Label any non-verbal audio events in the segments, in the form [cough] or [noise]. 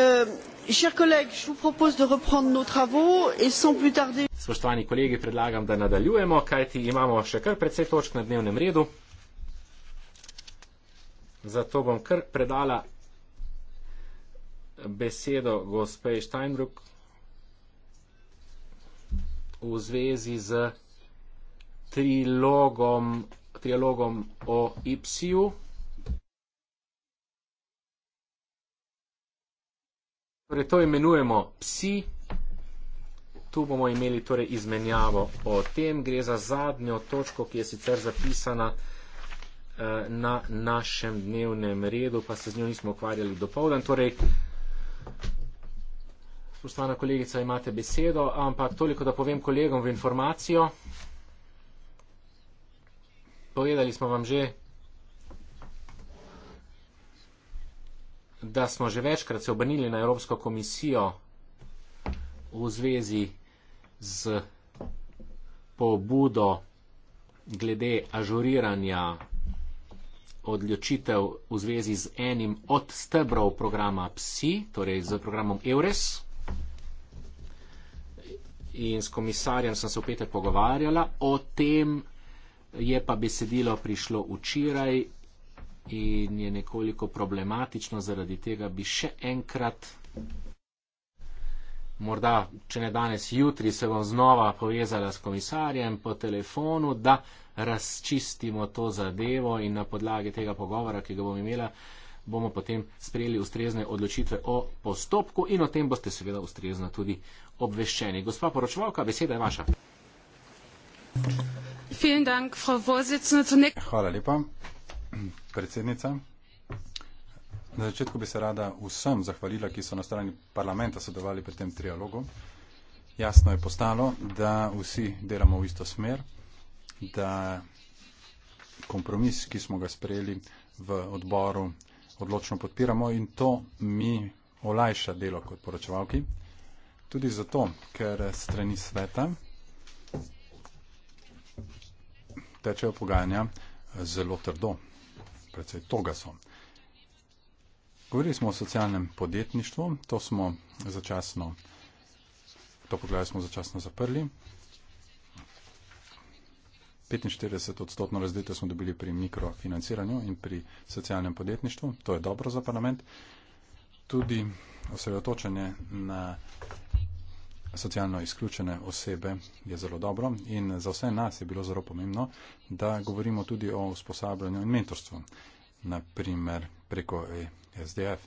Euh, chers collègues, je vous propose de reprendre nos travaux et sans plus tarder. Spoštovani kolegi, predlagam, da nadaljujemo, kajti imamo še kar precej točk na dnevnem redu. Zato bom kar predala besedo gospe Steinbrück v zvezi z trilogom, trilogom o Ipsiju. Torej, to imenujemo psi. Tu bomo imeli torej izmenjavo o tem. Gre za zadnjo točko, ki je sicer zapisana eh, na našem dnevnem redu, pa se z njo nismo ukvarjali do povdan. Torej, spoštovana kolegica, imate besedo, ampak toliko, da povem kolegom v informacijo. Povedali smo vam že, da smo že večkrat se obrnili na Evropsko komisijo v zvezi z pobudo glede ažuriranja odločitev v zvezi z enim od stebrov programa PSI, torej z programom EURES. In s komisarjem sem se v petek pogovarjala o tem, je pa besedilo prišlo včeraj in je nekoliko problematično, zaradi tega bi še enkrat, morda če ne danes, jutri se bom znova povezala s komisarjem po telefonu, da razčistimo to zadevo in na podlagi tega pogovora, ki ga bom imela, bomo potem sprejeli ustrezne odločitve o postopku in o tem boste seveda ustrezno tudi obveščeni. Gospa poročvalka, beseda je vaša. Hvala lepa predsednica. Na začetku bi se rada vsem zahvalila, ki so na strani parlamenta sodelovali pri tem trialogu. Jasno je postalo, da vsi delamo v isto smer, da kompromis, ki smo ga sprejeli v odboru, odločno podpiramo in to mi olajša delo kot poročevalki. Tudi zato, ker strani sveta tečejo pogajanja zelo trdo precej toga so. Govorili smo o socialnem podjetništvu, to smo začasno, to poglavje smo začasno zaprli. 45 odstotno razdelitev smo dobili pri mikrofinanciranju in pri socialnem podjetništvu, to je dobro za parlament. Tudi osredotočanje na socialno izključene osebe je zelo dobro in za vse nas je bilo zelo pomembno, da govorimo tudi o usposabljanju in mentorstvu, naprimer preko e SDF.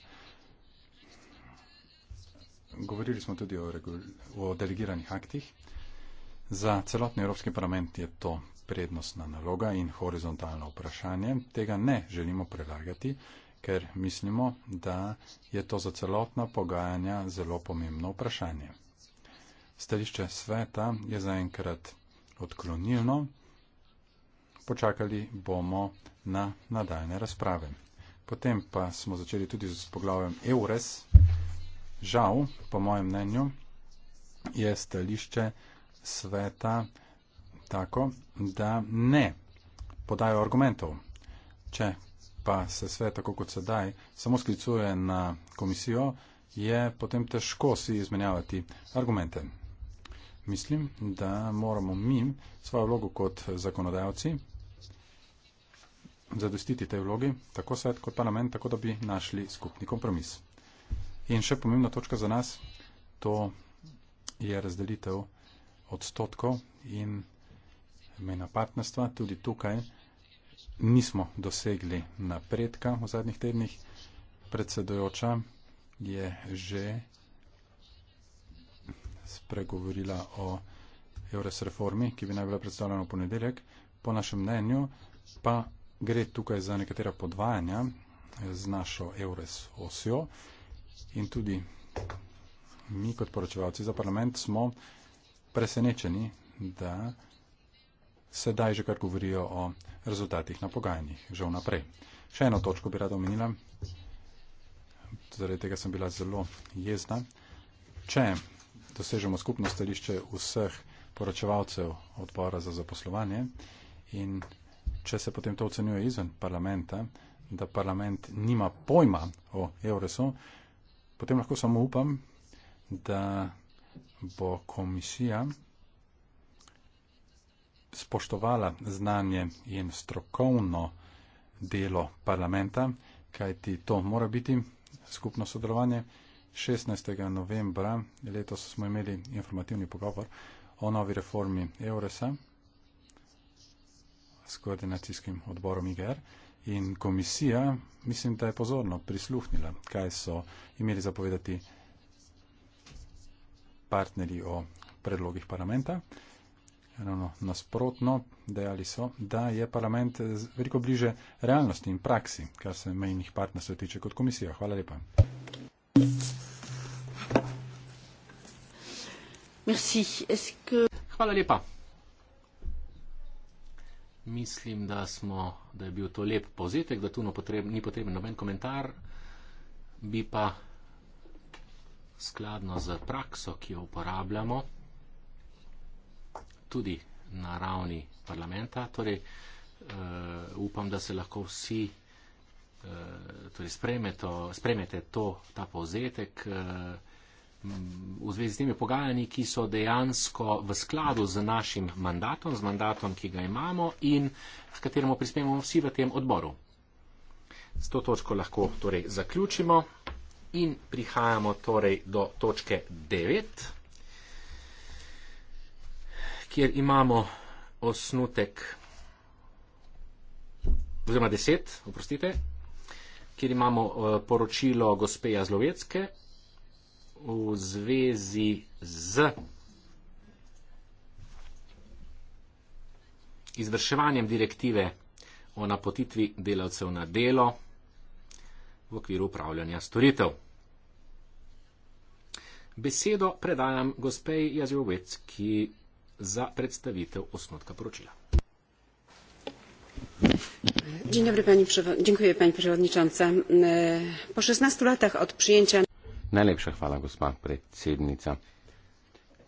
Govorili smo tudi o, o delegiranih aktih. Za celotni Evropski parlament je to prednostna naloga in horizontalno vprašanje. Tega ne želimo prelagati, ker mislimo, da je to za celotna pogajanja zelo pomembno vprašanje stališče sveta je zaenkrat odklonilno. Počakali bomo na nadaljne razprave. Potem pa smo začeli tudi z poglavjem EURES. Žal, po mojem mnenju, je stališče sveta tako, da ne podajo argumentov. Če pa se svet, tako kot sedaj, samo sklicuje na komisijo, je potem težko si izmenjavati argumente mislim, da moramo mi svojo vlogo kot zakonodajalci zadostiti tej vlogi, tako svet kot parlament, tako da bi našli skupni kompromis. In še pomembna točka za nas, to je razdelitev odstotkov in mena partnerstva. Tudi tukaj nismo dosegli napredka v zadnjih tednih. Predsedojoča je že spregovorila o EURES reformi, ki bi naj bila predstavljena v ponedeljek. Po našem mnenju pa gre tukaj za nekatera podvajanja z našo EURES osjo in tudi mi kot poročevalci za parlament smo presenečeni, da sedaj že kar govorijo o rezultatih na pogajanjih, že vnaprej. Še eno točko bi rada omenila, zaradi tega sem bila zelo jezna. Če dosežemo skupno stališče vseh poročevalcev odbora za zaposlovanje in če se potem to ocenjuje izven parlamenta, da parlament nima pojma o Euresu, potem lahko samo upam, da bo komisija spoštovala znanje in strokovno delo parlamenta, kajti to mora biti skupno sodelovanje. 16. novembra letos smo imeli informativni pogovor o novi reformi EURES-a s koordinacijskim odborom IGR in komisija mislim, da je pozorno prisluhnila, kaj so imeli zapovedati partnerji o predlogih parlamenta. Ravno nasprotno dejali so, da je parlament veliko bliže realnosti in praksi, kar se mejnih partnerstv tiče kot komisija. Hvala lepa. Thank you. Hvala lepa. Mislim, da, smo, da je bil to lep povzetek, da tu no potreb, ni potreben noben komentar, bi pa skladno z prakso, ki jo uporabljamo, tudi na ravni parlamenta, torej uh, upam, da se lahko vsi uh, torej spremete to, ta povzetek. Uh, v zvezi s temi pogajanji, ki so dejansko v skladu z našim mandatom, z mandatom, ki ga imamo in s katerim prispevamo vsi v tem odboru. S to točko lahko torej zaključimo in prihajamo torej do točke 9, kjer imamo osnutek oziroma 10, oprostite, kjer imamo eh, poročilo gospeja Zlovecke v zvezi z izvrševanjem direktive o napotitvi delavcev na delo v okviru upravljanja storitev. Besedo predajam gospej Jazjovec, ki za predstavitev osnotka poročila. Dzień dobry pani przewodniczący. Dziękuję pani przewodnicząca. E, po 16 latach od przyjęcia Najlepša hvala, gospa predsednica.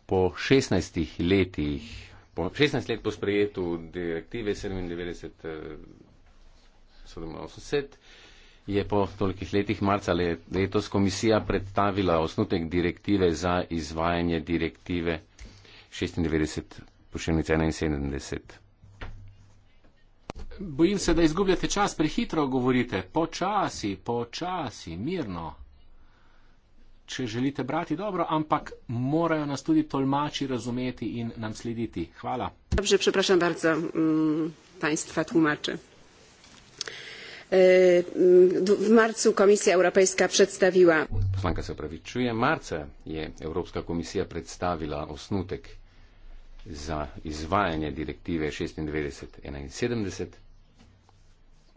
Po 16 letih, po 16 let po sprejetu direktive 97, eh, je po tolikih letih marca letos komisija predstavila osnutek direktive za izvajanje direktive 96 pošiljnice 71. Bojim se, da izgubljate čas, prehitro govorite, počasi, počasi, mirno če želite brati dobro, ampak morajo nas tudi tolmači razumeti in nam slediti. Hvala. Dobrze, przepraszam bardzo mm, Państwa tłumaczy. E, mm, w marcu Komisja Europejska przedstawiła. Posłanka Saprawi, czuję marce, je Europejska Komisja przedstawiła osnutek za izwajanie dyrektywy 96-71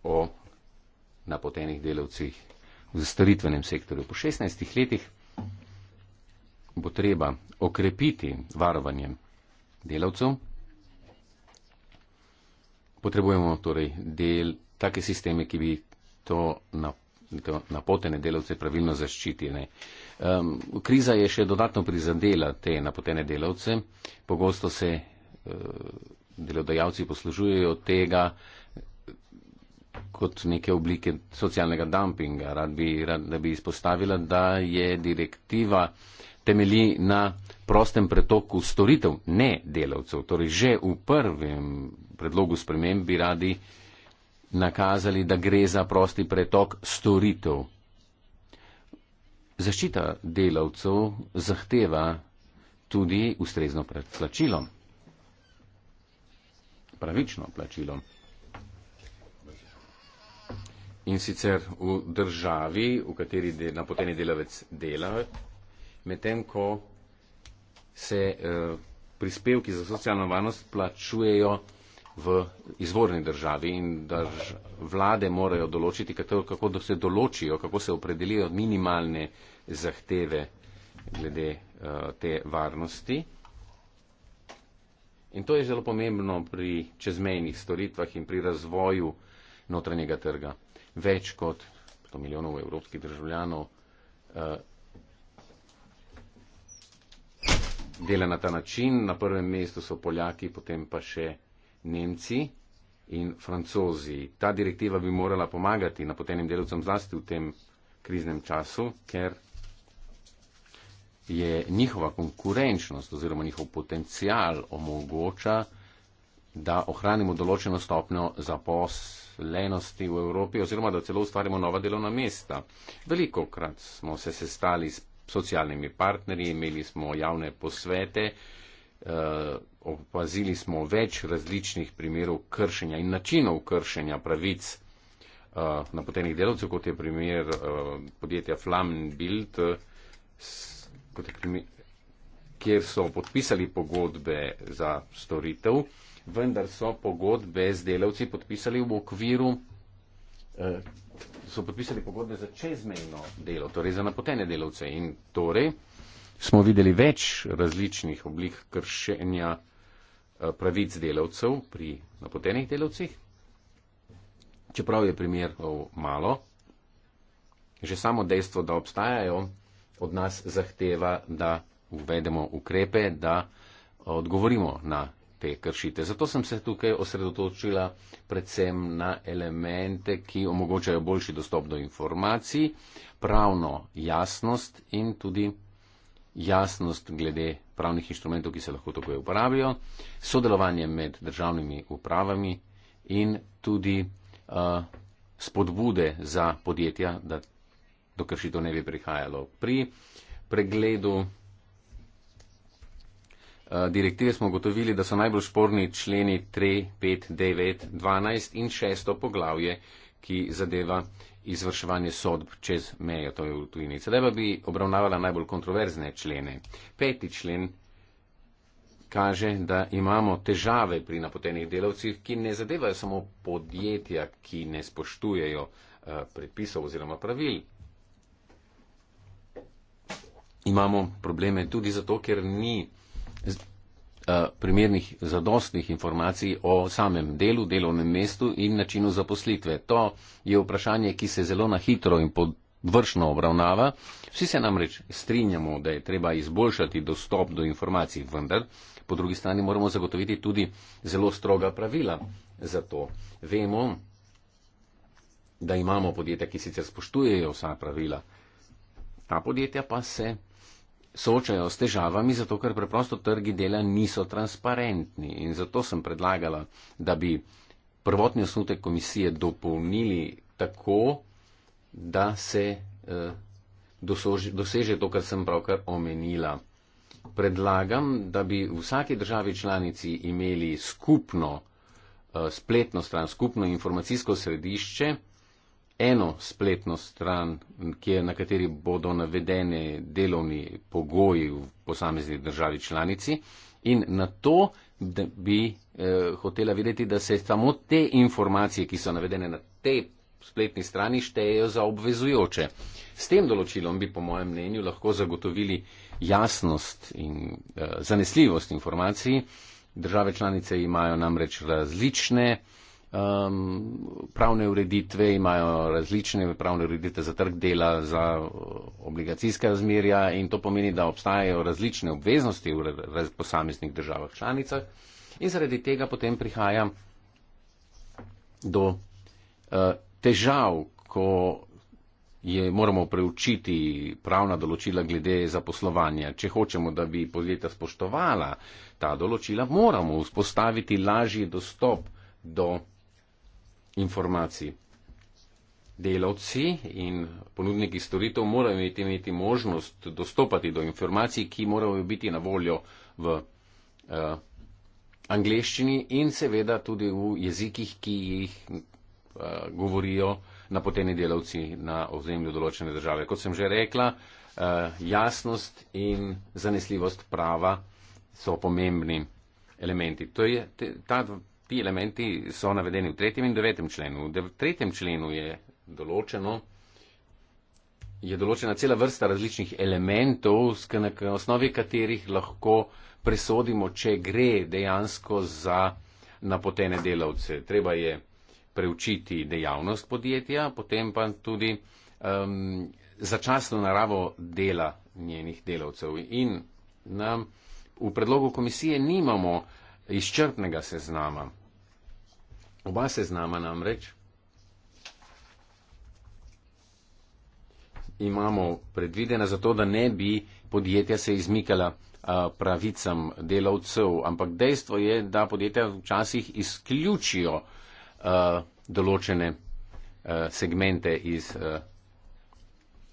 o napotenych delowcach w starytwanym sektorze. Po 16 latach bo treba okrepiti varovanje delavcev. Potrebujemo torej del, take sisteme, ki bi to, na, to napotene delavce pravilno zaščitili. Um, kriza je še dodatno prizadela te napotene delavce. Pogosto se uh, delodajalci poslužujejo tega kot neke oblike socialnega dumpinga. Rad bi, rad, da bi izpostavila, da je direktiva temelji na prostem pretoku storitev, ne delavcev. Torej, že v prvem predlogu sprememb bi radi nakazali, da gre za prosti pretok storitev. Zaščita delavcev zahteva tudi ustrezno predplačilo. Pravično plačilo. In sicer v državi, v kateri napoteni delavec dela, medtem ko se eh, prispevki za socialno varnost plačujejo v izvorni državi in da vlade morajo določiti, kako se določijo, kako se opredelijo minimalne zahteve glede eh, te varnosti. In to je zelo pomembno pri čezmejnih storitvah in pri razvoju notranjega trga. Več kot 100 milijonov evropskih državljanov eh, dela na ta način. Na prvem mestu so Poljaki, potem pa še Nemci in Francozi. Ta direktiva bi morala pomagati napotenim delovcem zlasti v tem kriznem času, ker je njihova konkurenčnost oziroma njihov potencial omogoča, da ohranimo določeno stopnjo zaposlenosti v Evropi oziroma da celo ustvarimo nova delovna mesta. Veliko krat smo se sestali s socialnimi partnerji, imeli smo javne posvete, eh, opazili smo več različnih primerov kršenja in načinov kršenja pravic eh, napotenih delavcev, kot je primer eh, podjetja Flammenbild, kjer so podpisali pogodbe za storitev, vendar so pogodbe z delavci podpisali v okviru so podpisali pogodbe za čezmejno delo, torej za napotene delavce. In torej smo videli več različnih oblik kršenja eh, pravic delavcev pri napotenih delavcih. Čeprav je primerov malo, že samo dejstvo, da obstajajo, od nas zahteva, da uvedemo ukrepe, da odgovorimo na te kršite. Zato sem se tukaj osredotočila predvsem na elemente, ki omogočajo boljši dostop do informacij, pravno jasnost in tudi jasnost glede pravnih inštrumentov, ki se lahko tako uporabijo, sodelovanje med državnimi upravami in tudi uh, spodbude za podjetja, da do kršitev ne bi prihajalo. Pri pregledu Eh, direktive smo ugotovili, da so najbolj sporni členi 3, 5, 9, 12 in 6 poglavje, ki zadeva izvrševanje sodb čez mejo, to je v tujini. Sedaj pa bi obravnavala najbolj kontroverzne člene. Peti člen kaže, da imamo težave pri napotenih delavcih, ki ne zadevajo samo podjetja, ki ne spoštujejo uh, predpisov oziroma pravil. Imamo probleme tudi zato, ker ni Eh, primernih zadostnih informacij o samem delu, delovnem mestu in načinu zaposlitve. To je vprašanje, ki se zelo na hitro in podvršno obravnava. Vsi se namreč strinjamo, da je treba izboljšati dostop do informacij, vendar po drugi strani moramo zagotoviti tudi zelo stroga pravila za to. Vemo, da imamo podjetja, ki sicer spoštujejo vsa pravila, ta podjetja pa se soočajo s težavami, zato ker preprosto trgi dela niso transparentni. In zato sem predlagala, da bi prvotni osnutek komisije dopolnili tako, da se eh, doseže to, kar sem pravkar omenila. Predlagam, da bi v vsaki državi članici imeli skupno eh, spletno stran, skupno informacijsko središče, eno spletno stran, kjer, na kateri bodo navedene delovni pogoji v posamezni državi članici in na to, da bi eh, hotela videti, da se samo te informacije, ki so navedene na tej spletni strani, štejejo za obvezujoče. S tem določilom bi, po mojem mnenju, lahko zagotovili jasnost in eh, zanesljivost informacij. Države članice imajo namreč različne eh, um, pravne ureditve, imajo različne pravne ureditve za trg dela, za uh, obligacijska razmerja in to pomeni, da obstajajo različne obveznosti v posameznih državah članicah in zaradi tega potem prihaja do uh, težav, ko je, moramo preučiti pravna določila glede zaposlovanja. Če hočemo, da bi podjetja spoštovala ta določila, moramo vzpostaviti lažji dostop do informacij. Delavci in ponudniki storitev morajo imeti, imeti možnost dostopati do informacij, ki morajo biti na voljo v uh, angleščini in seveda tudi v jezikih, ki jih uh, govorijo napoteni delavci na ozemlju določene države. Kot sem že rekla, uh, jasnost in zanesljivost prava so pomembni elementi. To je, te, ta ti elementi so navedeni v tretjem in devetem členu. V tretjem členu je določeno, je določena cela vrsta različnih elementov, na osnovi katerih lahko presodimo, če gre dejansko za napotene delavce. Treba je preučiti dejavnost podjetja, potem pa tudi um, začasno naravo dela njenih delavcev. In nam v predlogu komisije nimamo uh, izčrpnega seznama. Oba seznama namreč imamo predvidena zato, da ne bi podjetja se izmikala pravicam delavcev, ampak dejstvo je, da podjetja včasih izključijo določene segmente iz,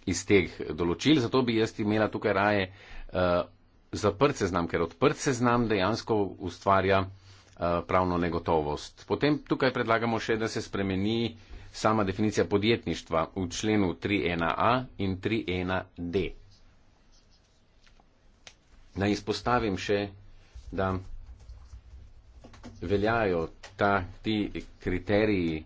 iz teh določil. Zato bi jaz imela tukaj raje zaprt seznam, ker odprt seznam dejansko ustvarja eh, pravno negotovost. Potem tukaj predlagamo še, da se spremeni sama definicija podjetništva v členu 3.1a in 3.1d. Naj izpostavim še, da veljajo ta, ti kriteriji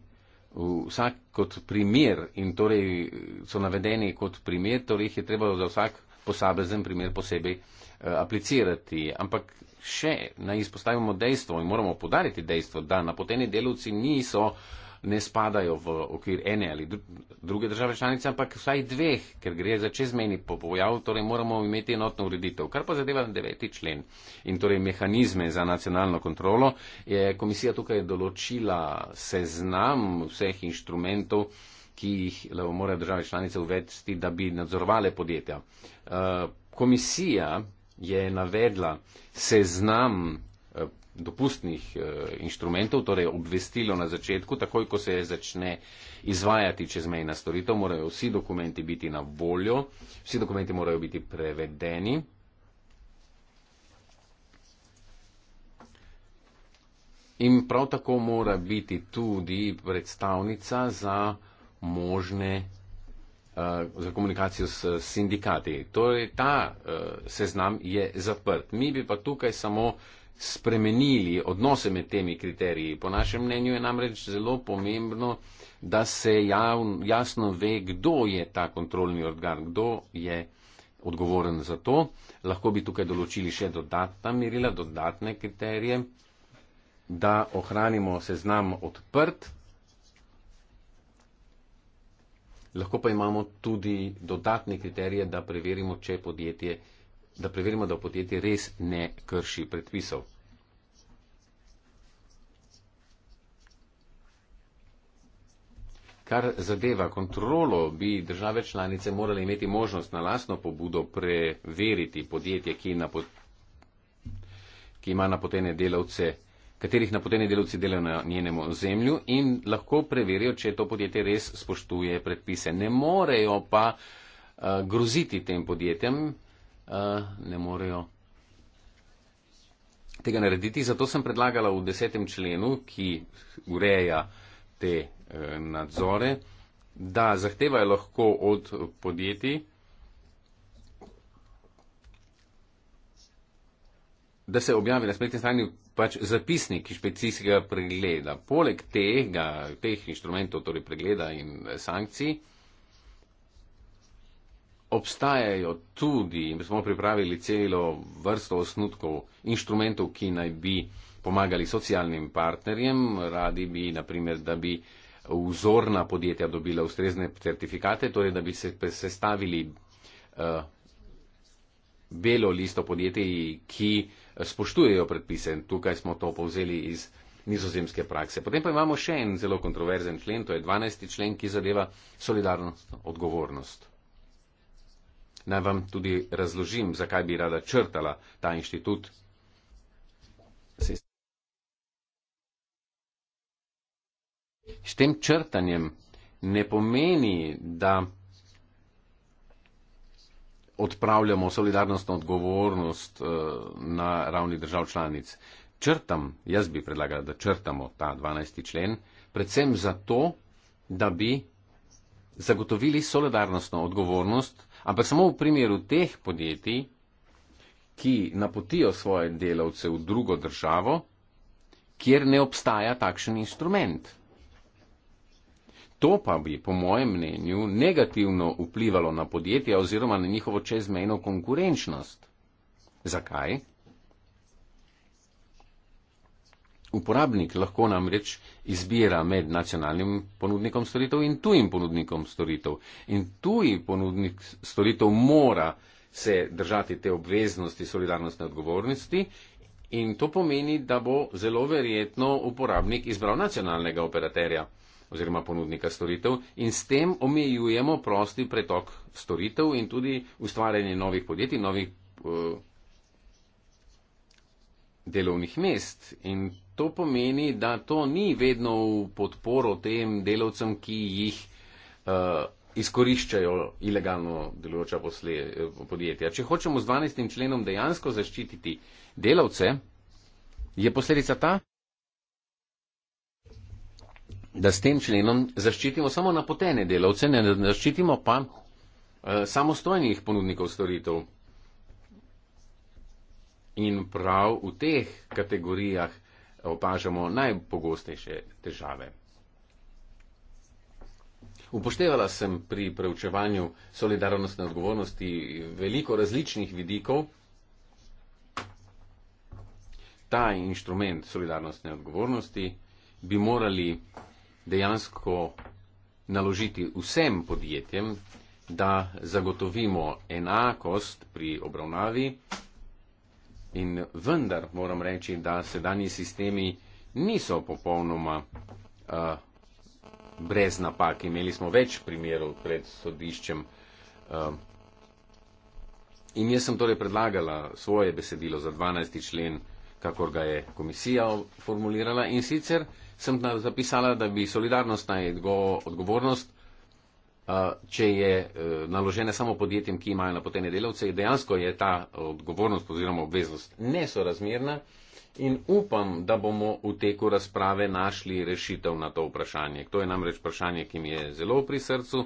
vsak kot primer in torej so navedeni kot primer, torej jih je treba za vsak posamezen primer posebej Eh, aplicirati. Ampak še naj izpostavimo dejstvo in moramo podariti dejstvo, da napoteni delavci niso, ne spadajo v okvir ene ali druge države članice, ampak vsaj dveh, ker gre za čezmeni pojav, torej moramo imeti enotno ureditev. Kar pa zadeva deveti člen in torej mehanizme za nacionalno kontrolo, je komisija tukaj določila seznam vseh inštrumentov ki jih morajo države članice uvesti, da bi nadzorovali podjetja. Eh, komisija je navedla seznam eh, dopustnih eh, inštrumentov, torej obvestilo na začetku, takoj ko se začne izvajati čezmejna storitev, morajo vsi dokumenti biti na voljo, vsi dokumenti morajo biti prevedeni. In prav tako mora biti tudi predstavnica za možne Eh, za komunikacijo s sindikati. Torej, ta uh, seznam je zaprt. Mi bi pa tukaj samo spremenili odnose med temi kriteriji. Po našem mnenju je namreč zelo pomembno, da se jav, jasno ve, kdo je ta kontrolni organ, kdo je odgovoren za to. Lahko bi tukaj določili še dodatna merila, dodatne kriterije, da ohranimo seznam odprt. lahko pa imamo tudi dodatne kriterije, da preverimo, če podjetje, da preverimo, da podjetje res ne krši predpisov. Kar zadeva kontrolo, bi države članice morale imeti možnost na lasno pobudo preveriti podjetje, ki, napo ki ima napotene delavce katerih napoteni delavci delajo na njenem ozemlju in lahko preverijo, če to podjetje res spoštuje predpise. Ne morejo pa uh, groziti tem podjetjem, uh, ne morejo tega narediti. Zato sem predlagala v desetem členu, ki ureja te uh, nadzore, da zahtevajo lahko od podjetij, da se objavi na spletni strani pač zapisnik inšpekcijskega pregleda. Poleg tega, teh inštrumentov, torej pregleda in sankcij, obstajajo tudi, mi smo pripravili celo vrsto osnutkov inštrumentov, ki naj bi pomagali socialnim partnerjem. Radi bi, naprimer, da bi vzorna podjetja dobila ustrezne certifikate, torej da bi se sestavili uh, belo listo podjetij, ki uh, spoštujejo predpise. Tukaj smo to povzeli iz nizozemske prakse. Potem pa imamo še en zelo kontroverzen člen, to je 12. člen, ki zadeva solidarnost, odgovornost. Naj vam tudi razložim, zakaj bi rada črtala ta inštitut. S tem črtanjem ne pomeni, da odpravljamo solidarnostno odgovornost eh, na ravni držav članic. Črtam, jaz bi predlagala, da črtamo ta 12. člen, predvsem zato, da bi zagotovili solidarnostno odgovornost, ampak samo v primeru teh podjetij, ki napotijo svoje delavce v drugo državo, kjer ne obstaja takšen instrument. To pa bi, po mojem mnenju, negativno vplivalo na podjetja oziroma na njihovo čezmejno konkurenčnost. Zakaj? Uporabnik lahko namreč izbira med nacionalnim ponudnikom storitev in tujim ponudnikom storitev. In tuji ponudnik storitev mora se držati te obveznosti solidarnostne odgovornosti in to pomeni, da bo zelo verjetno uporabnik izbral nacionalnega operaterja oziroma ponudnika storitev in s tem omejujemo prosti pretok storitev in tudi ustvarjanje novih podjetij, novih uh, delovnih mest. In to pomeni, da to ni vedno v podporo tem delavcem, ki jih uh, izkoriščajo ilegalno delujoča eh, podjetja. Če hočemo z 12. členom dejansko zaščititi delavce, je posledica ta, da s tem členom zaščitimo samo napotene delavce, ne zaščitimo pa eh, samostojnih ponudnikov storitev. In prav v teh kategorijah opažamo najpogostejše težave. Upoštevala sem pri preučevanju solidarnostne odgovornosti veliko različnih vidikov. Ta inštrument solidarnostne odgovornosti bi morali dejansko naložiti vsem podjetjem, da zagotovimo enakost pri obravnavi in vendar moram reči, da sedanji sistemi niso popolnoma uh, brez napak. Imeli smo več primerov pred sodiščem uh, in jaz sem torej predlagala svoje besedilo za 12. člen, kakor ga je komisija formulirala in sicer sem zapisala, da bi solidarnost naj go odgovornost, če je e, naložena samo podjetjem, ki imajo napotene delavce, dejansko je ta odgovornost oziroma obveznost nesorazmerna in upam, da bomo v teku razprave našli rešitev na to vprašanje. To je namreč vprašanje, ki mi je zelo pri srcu.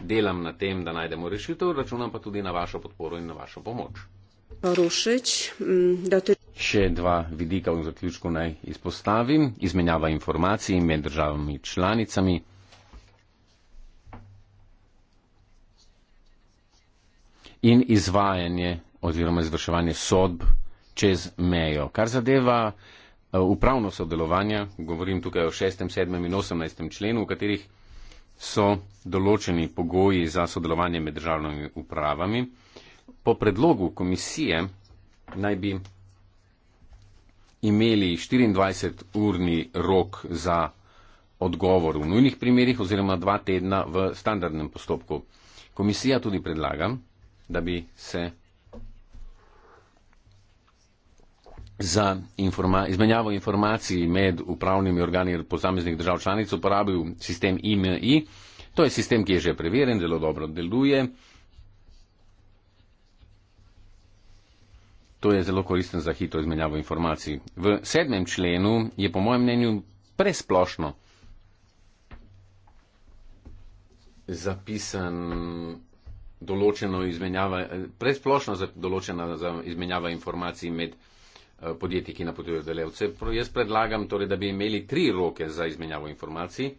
Delam na tem, da najdemo rešitev, računam pa tudi na vašo podporo in na vašo pomoč poročiti. Mm, Še dva vidika v zaključku naj izpostavim. Izmenjava informacij med državami članicami. In izvajanje oziroma izvrševanje sodb čez mejo. Kar zadeva eh, upravno sodelovanje, govorim tukaj o 6., 7. in 18. členu, v katerih so določeni pogoji za sodelovanje med državnimi upravami. Uh, po predlogu komisije naj bi imeli 24-urni rok za odgovor v nujnih primerjih oziroma dva tedna v standardnem postopku. Komisija tudi predlaga, da bi se za informa izmenjavo informacij med upravnimi organi posameznih držav članic uporabil sistem IMI. To je sistem, ki je že preverjen, zelo dobro deluje. To je zelo koristen za hitro izmenjavo informacij. V sedmem členu je po mojem mnenju presplošno zapisan določeno izmenjava, presplošno za, določena za izmenjava informacij med eh, podjetji, ki napotujejo delevce. Jaz predlagam torej, da bi imeli tri roke za izmenjavo informacij.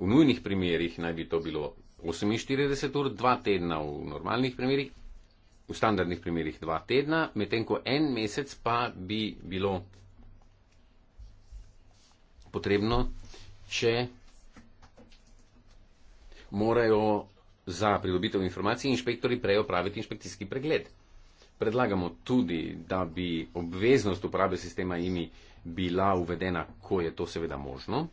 V nujnih primerjih naj bi to bilo 48 ur, dva tedna v normalnih primerjih v standardnih primerjih dva tedna, medtem ko en mesec pa bi bilo potrebno, če morajo za pridobitev informacij inšpektori prej opraviti inšpekcijski pregled. Predlagamo tudi, da bi obveznost uporabe sistema IMI bila uvedena, ko je to seveda možno.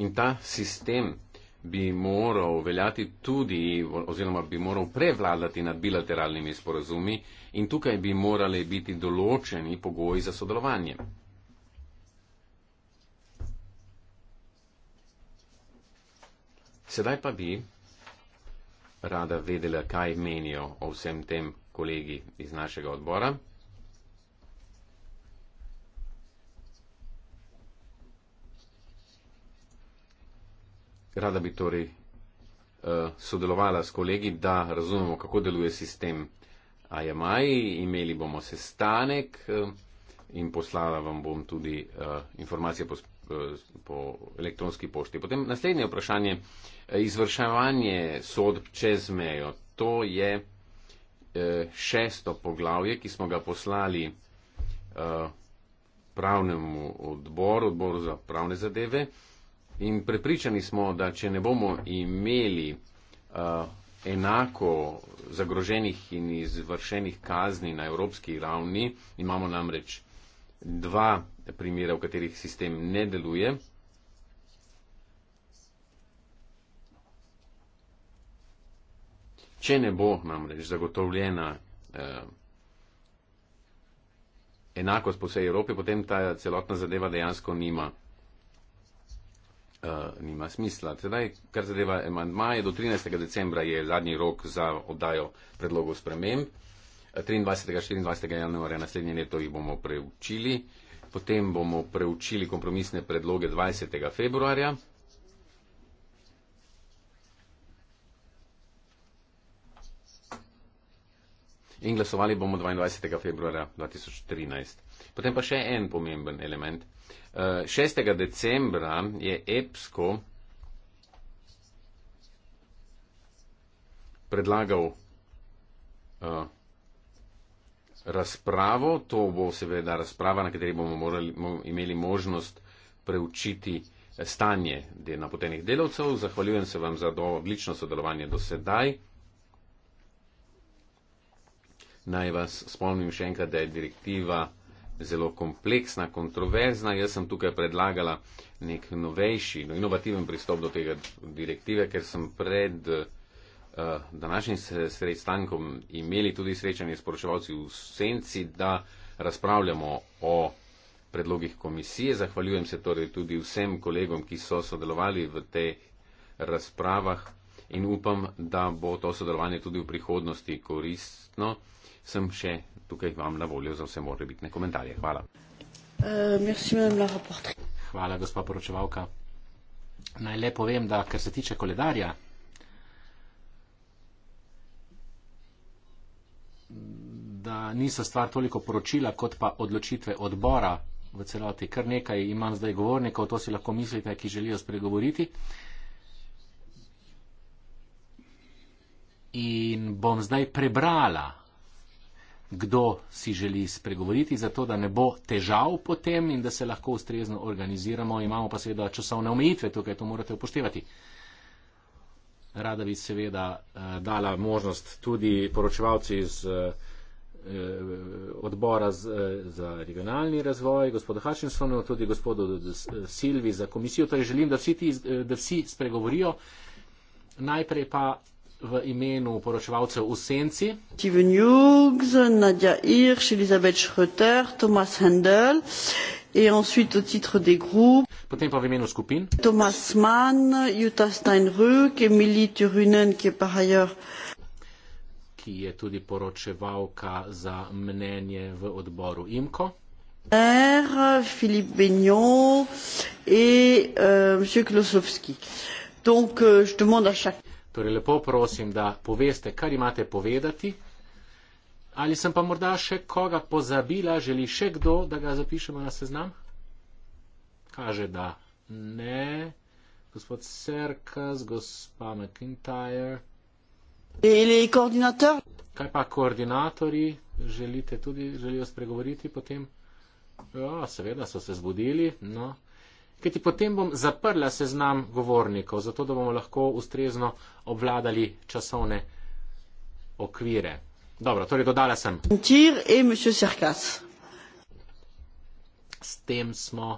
In ta sistem bi moral veljati tudi oziroma bi moral prevladati nad bilateralnimi sporazumi in tukaj bi morali biti določeni pogoji za sodelovanje. Sedaj pa bi rada vedela, kaj menijo o vsem tem kolegi iz našega odbora. rada bi torej uh, sodelovala s kolegi, da razumemo, kako deluje sistem AMI. Imeli bomo sestanek uh, in poslala vam bom tudi uh, informacije po, uh, po elektronski pošti. Potem naslednje vprašanje, uh, izvrševanje sodb čez mejo. To je uh, šesto poglavje, ki smo ga poslali. Uh, pravnemu odboru, odboru za pravne zadeve. In prepričani smo, da če ne bomo imeli uh, enako zagroženih in izvršenih kazni na evropski ravni, imamo namreč dva primera, v katerih sistem ne deluje. Če ne bo namreč zagotovljena eh, enakost po vsej Evropi, potem ta celotna zadeva dejansko nima uh, nima smisla. Tedaj, kar zadeva emandmaje, do 13. decembra je zadnji rok za oddajo predlogov sprememb. 23. in 24. januarja naslednje leto jih bomo preučili, potem bomo preučili kompromisne predloge 20. februarja. In glasovali bomo 22. februarja 2013. Potem pa še en pomemben element. 6. decembra je EPSCO predlagal uh, razpravo. To bo seveda razprava, na kateri bomo morali, imeli možnost preučiti eh, stanje napotenih delavcev. Zahvaljujem se vam za do, odlično sodelovanje do sedaj. Naj vas spomnim še enkrat, da je direktiva 2008-2009 zelo kompleksna, kontroverzna. Jaz sem tukaj predlagala nek novejši, no, inovativen pristop do tega direktive, ker sem pred uh, današnjim sredstankom imeli tudi srečanje s poročevalci v senci, da razpravljamo o predlogih komisije. Zahvaljujem se torej tudi vsem kolegom, ki so sodelovali v teh razpravah in upam, da bo to sodelovanje tudi v prihodnosti koristno sem še tukaj vam na voljo za vse morebitne komentarje. Hvala. Eh, Hvala, gospa poročevalka. Naj le povem, da kar se tiče koledarja, da niso stvar toliko poročila, kot pa odločitve odbora v celoti. Kar nekaj imam zdaj govornikov, to si lahko mislite, ki želijo spregovoriti. In bom zdaj prebrala kdo si želi spregovoriti, zato da ne bo težav potem in da se lahko ustrezno organiziramo. Imamo pa seveda časovne omejitve tukaj, to morate upoštevati. Rada bi seveda eh, dala možnost tudi poročevalci iz eh, eh odbora z, eh, za regionalni razvoj, gospodu Hutchinsonu, tudi gospodu Silvi za komisijo. Torej želim, da vsi, ti, eh, da vsi spregovorijo. Najprej pa v imenu poročevalcev v senci. Steven Hughes, Nadja Irš, Elizabeth Schröter, Thomas Hendel. Group, Potem pa v imenu skupin. Tomas Mann, Jutta Steinrück, Emilie Turunen, ki je, ailleurs... ki je tudi poročevalka za mnenje v odboru IMKO. Er, Filip Benjon in uh, Mr. Klosovski. Donc, uh, je demanda vsak. Chaque... Torej, lepo prosim, da poveste, kar imate povedati. Ali sem pa morda še koga pozabila, želi še kdo, da ga zapišemo na seznam? Kaže, da ne. Gospod Serkas, gospa McIntyre. Kaj pa koordinatorji, želite tudi, želijo spregovoriti potem? Ja, seveda so se zbudili, no. Ker ti potem bom zaprla seznam govornikov, zato da bomo lahko ustrezno obvladali časovne okvire. Dobro, torej dodala sem. S tem smo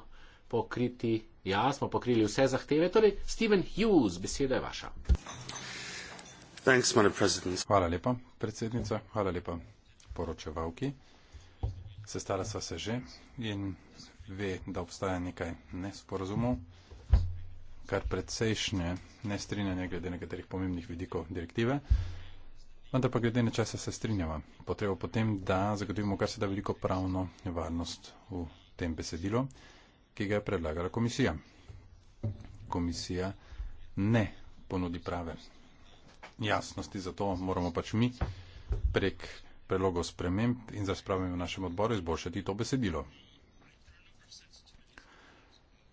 pokriti, ja, smo pokrili vse zahteve. Torej, Steven Hughes, beseda je vaša. Thanks, Hvala lepa, predsednica. Hvala lepa, poročevalki. Sestala sva se že in ve, da obstaja nekaj nesporazumov, kar precejšnje nestrinjanje glede nekaterih pomembnih vidikov direktive, vendar pa glede nečesa se strinjava. Potrebo potem, da zagotovimo kar se da veliko pravno varnost v tem besedilu, ki ga je predlagala komisija. Komisija ne ponudi prave jasnosti, zato moramo pač mi prek predlogov sprememb in za spravami v našem odboru izboljšati to besedilo.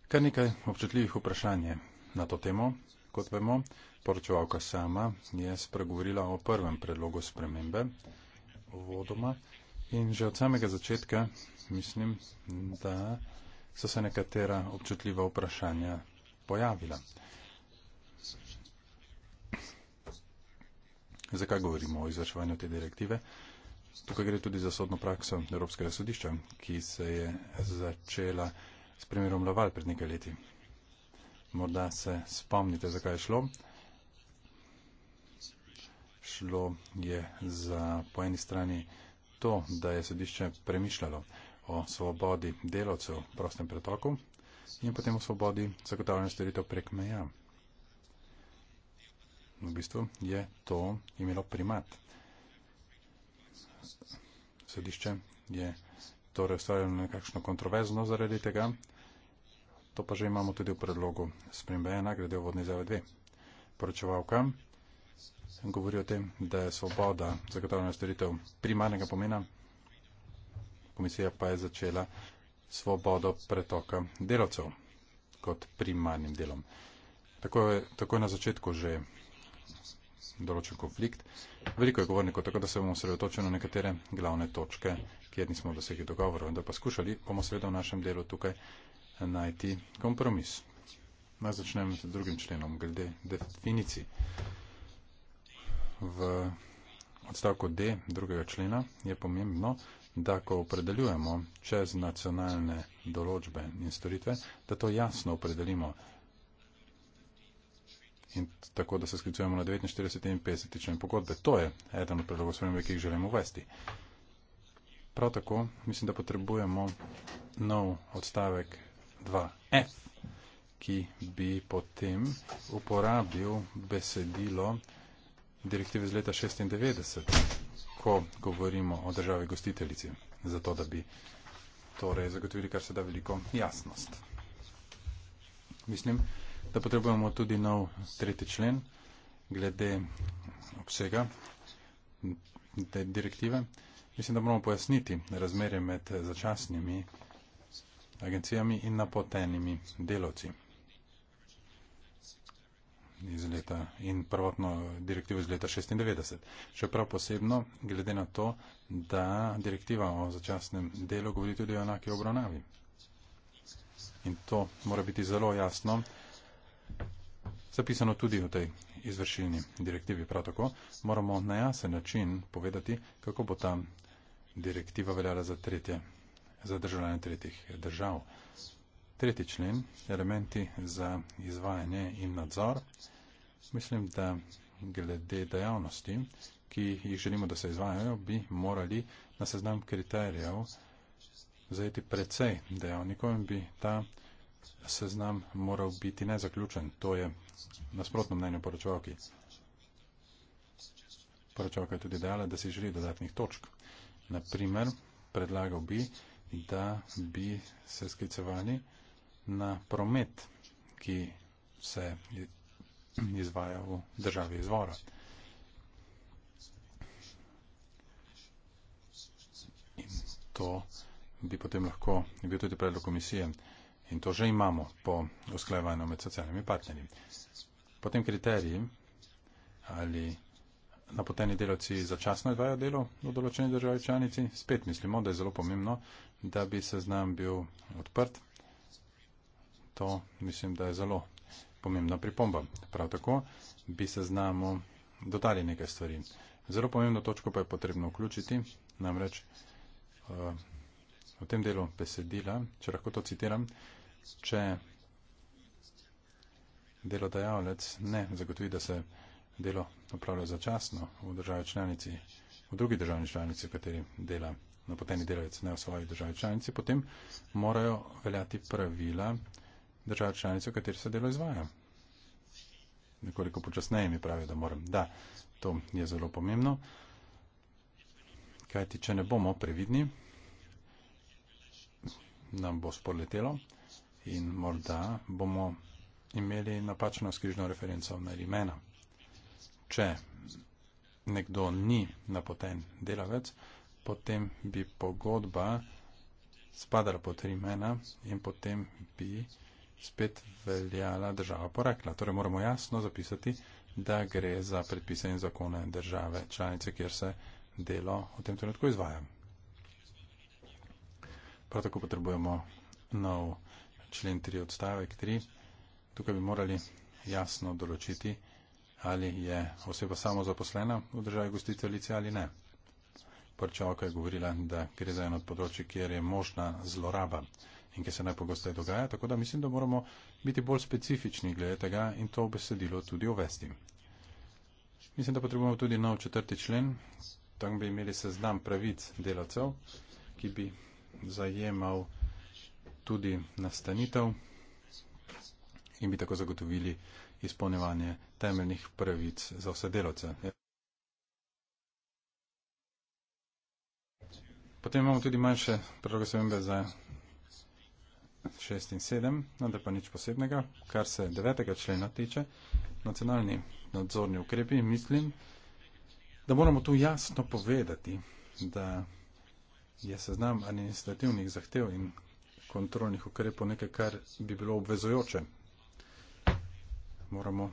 Kar nekaj občutljivih vprašanj je na to temo. Kot vemo, poročevalka sama je spregovorila o prvem predlogu spremembe vodoma in že od samega začetka mislim, da so se nekatera občutljiva vprašanja pojavila. Zakaj govorimo o izvrševanju te direktive? Tukaj gre tudi za sodno prakso Evropskega sodišča, ki se je začela s primerom Laval pred nekaj leti. Morda se spomnite, zakaj je šlo. Šlo je za po eni strani to, da je sodišče premišljalo o svobodi delavcev v prostem pretoku in potem o svobodi zagotavljanja storitev prek meja. V bistvu je to imelo primat. Sodišče je torej ustvarjamo nekakšno kontroverzno zaradi tega. To pa že imamo tudi v predlogu spremembe 1, glede v vodni zave 2. Poročevalka govori o tem, da je svoboda zagotavljanja storitev primarnega pomena. Komisija pa je začela svobodo pretoka delavcev kot primarnim delom. Tako je, tako je na začetku že določen konflikt. Veliko je govornikov, tako da se bomo osredotočili na nekatere glavne točke kjer nismo dosegli dogovorov. Da pa skušali, bomo seveda v našem delu tukaj najti kompromis. Naj začnem s drugim členom, glede definicij. V odstavku D drugega člena je pomembno, da ko opredeljujemo čez nacionalne določbe in storitve, da to jasno opredelimo. In tako, da se sklicujemo na 49. in 50. člen pogodbe. To je eden od predlogov, ki jih želimo uvesti. Prav tako mislim, da potrebujemo nov odstavek 2f, ki bi potem uporabil besedilo direktive iz leta 96, ko govorimo o državi gostiteljici, zato da bi torej zagotovili kar se da veliko jasnost. Mislim, da potrebujemo tudi nov tretji člen glede obsega direktive. Mislim, da moramo pojasniti razmerje med začasnimi agencijami in napotenimi delovci. Iz leta in prvotno direktivo iz leta 96. Še prav posebno, glede na to, da direktiva o začasnem delu govori tudi o enaki obravnavi. In to mora biti zelo jasno zapisano tudi v tej izvršilni direktivi. Prav tako moramo na jasen način povedati, kako bo ta direktiva veljala za, tretje, za državljanje tretjih držav. Tretji člen, elementi za izvajanje in nadzor. Mislim, da glede dejavnosti, ki jih želimo, da se izvajajo, bi morali na seznam kriterijev zajeti precej dejavnikov in bi ta seznam moral biti nezaključen. To je nasprotno mnenje poročevalki. Poročevalka je tudi dejala, da si želi dodatnih točk. Naprimer, predlagal bi, da bi se sklicevali na promet, ki se izvaja v državi izvora. In to bi potem lahko bil tudi predlog komisije. In to že imamo po usklajevanju med socialnimi partnerji. Potem kriteriji ali napoteni delavci začasno izvajo delo v določeni državi članici. Spet mislimo, da je zelo pomembno, da bi se znam bil odprt. To mislim, da je zelo pomembna pripomba. Prav tako bi se znamo dodali nekaj stvari. Zelo pomembno točko pa je potrebno vključiti, namreč eh, v tem delu besedila, če lahko to citiram, če delodajalec ne zagotovi, da se vključi, delo opravlja začasno v državi članici, v drugi državi članici, v kateri dela napoteni no, delavec, ne v svoji državi članici, potem morajo veljati pravila države članice, v kateri se delo izvaja. Nekoliko počasneje mi pravijo, da moram. Da, to je zelo pomembno. Kajti, če ne bomo previdni, nam bo spoletelo in morda bomo imeli napačno skrižno referenco na imena če nekdo ni napoten delavec, potem bi pogodba spadala pod tri imena in potem bi spet veljala država porekla. Torej moramo jasno zapisati, da gre za predpise in zakone države članice, kjer se delo v tem trenutku izvaja. Prav tako potrebujemo nov člen 3 odstavek 3. Tukaj bi morali jasno določiti, ali je oseba samo zaposlena v državi gostiteljice ali ne. Prčevalka je govorila, da gre za eno od področji, kjer je možna zloraba in ki se najpogosteje dogaja, tako da mislim, da moramo biti bolj specifični glede tega in to besedilo tudi uvesti. Mislim, da potrebujemo tudi nov četrti člen, tam bi imeli seznam pravic delavcev, ki bi zajemal tudi nastanitev in bi tako zagotovili izpolnjevanje temeljnih pravic za vse delavce. Potem imamo tudi manjše predloge spremembe za 6 in 7, vendar pa nič posebnega, kar se 9. člena tiče, nacionalni nadzorni ukrepi, mislim, da moramo tu jasno povedati, da je seznam administrativnih zahtev in kontrolnih ukrepov nekaj, kar bi bilo obvezojoče moramo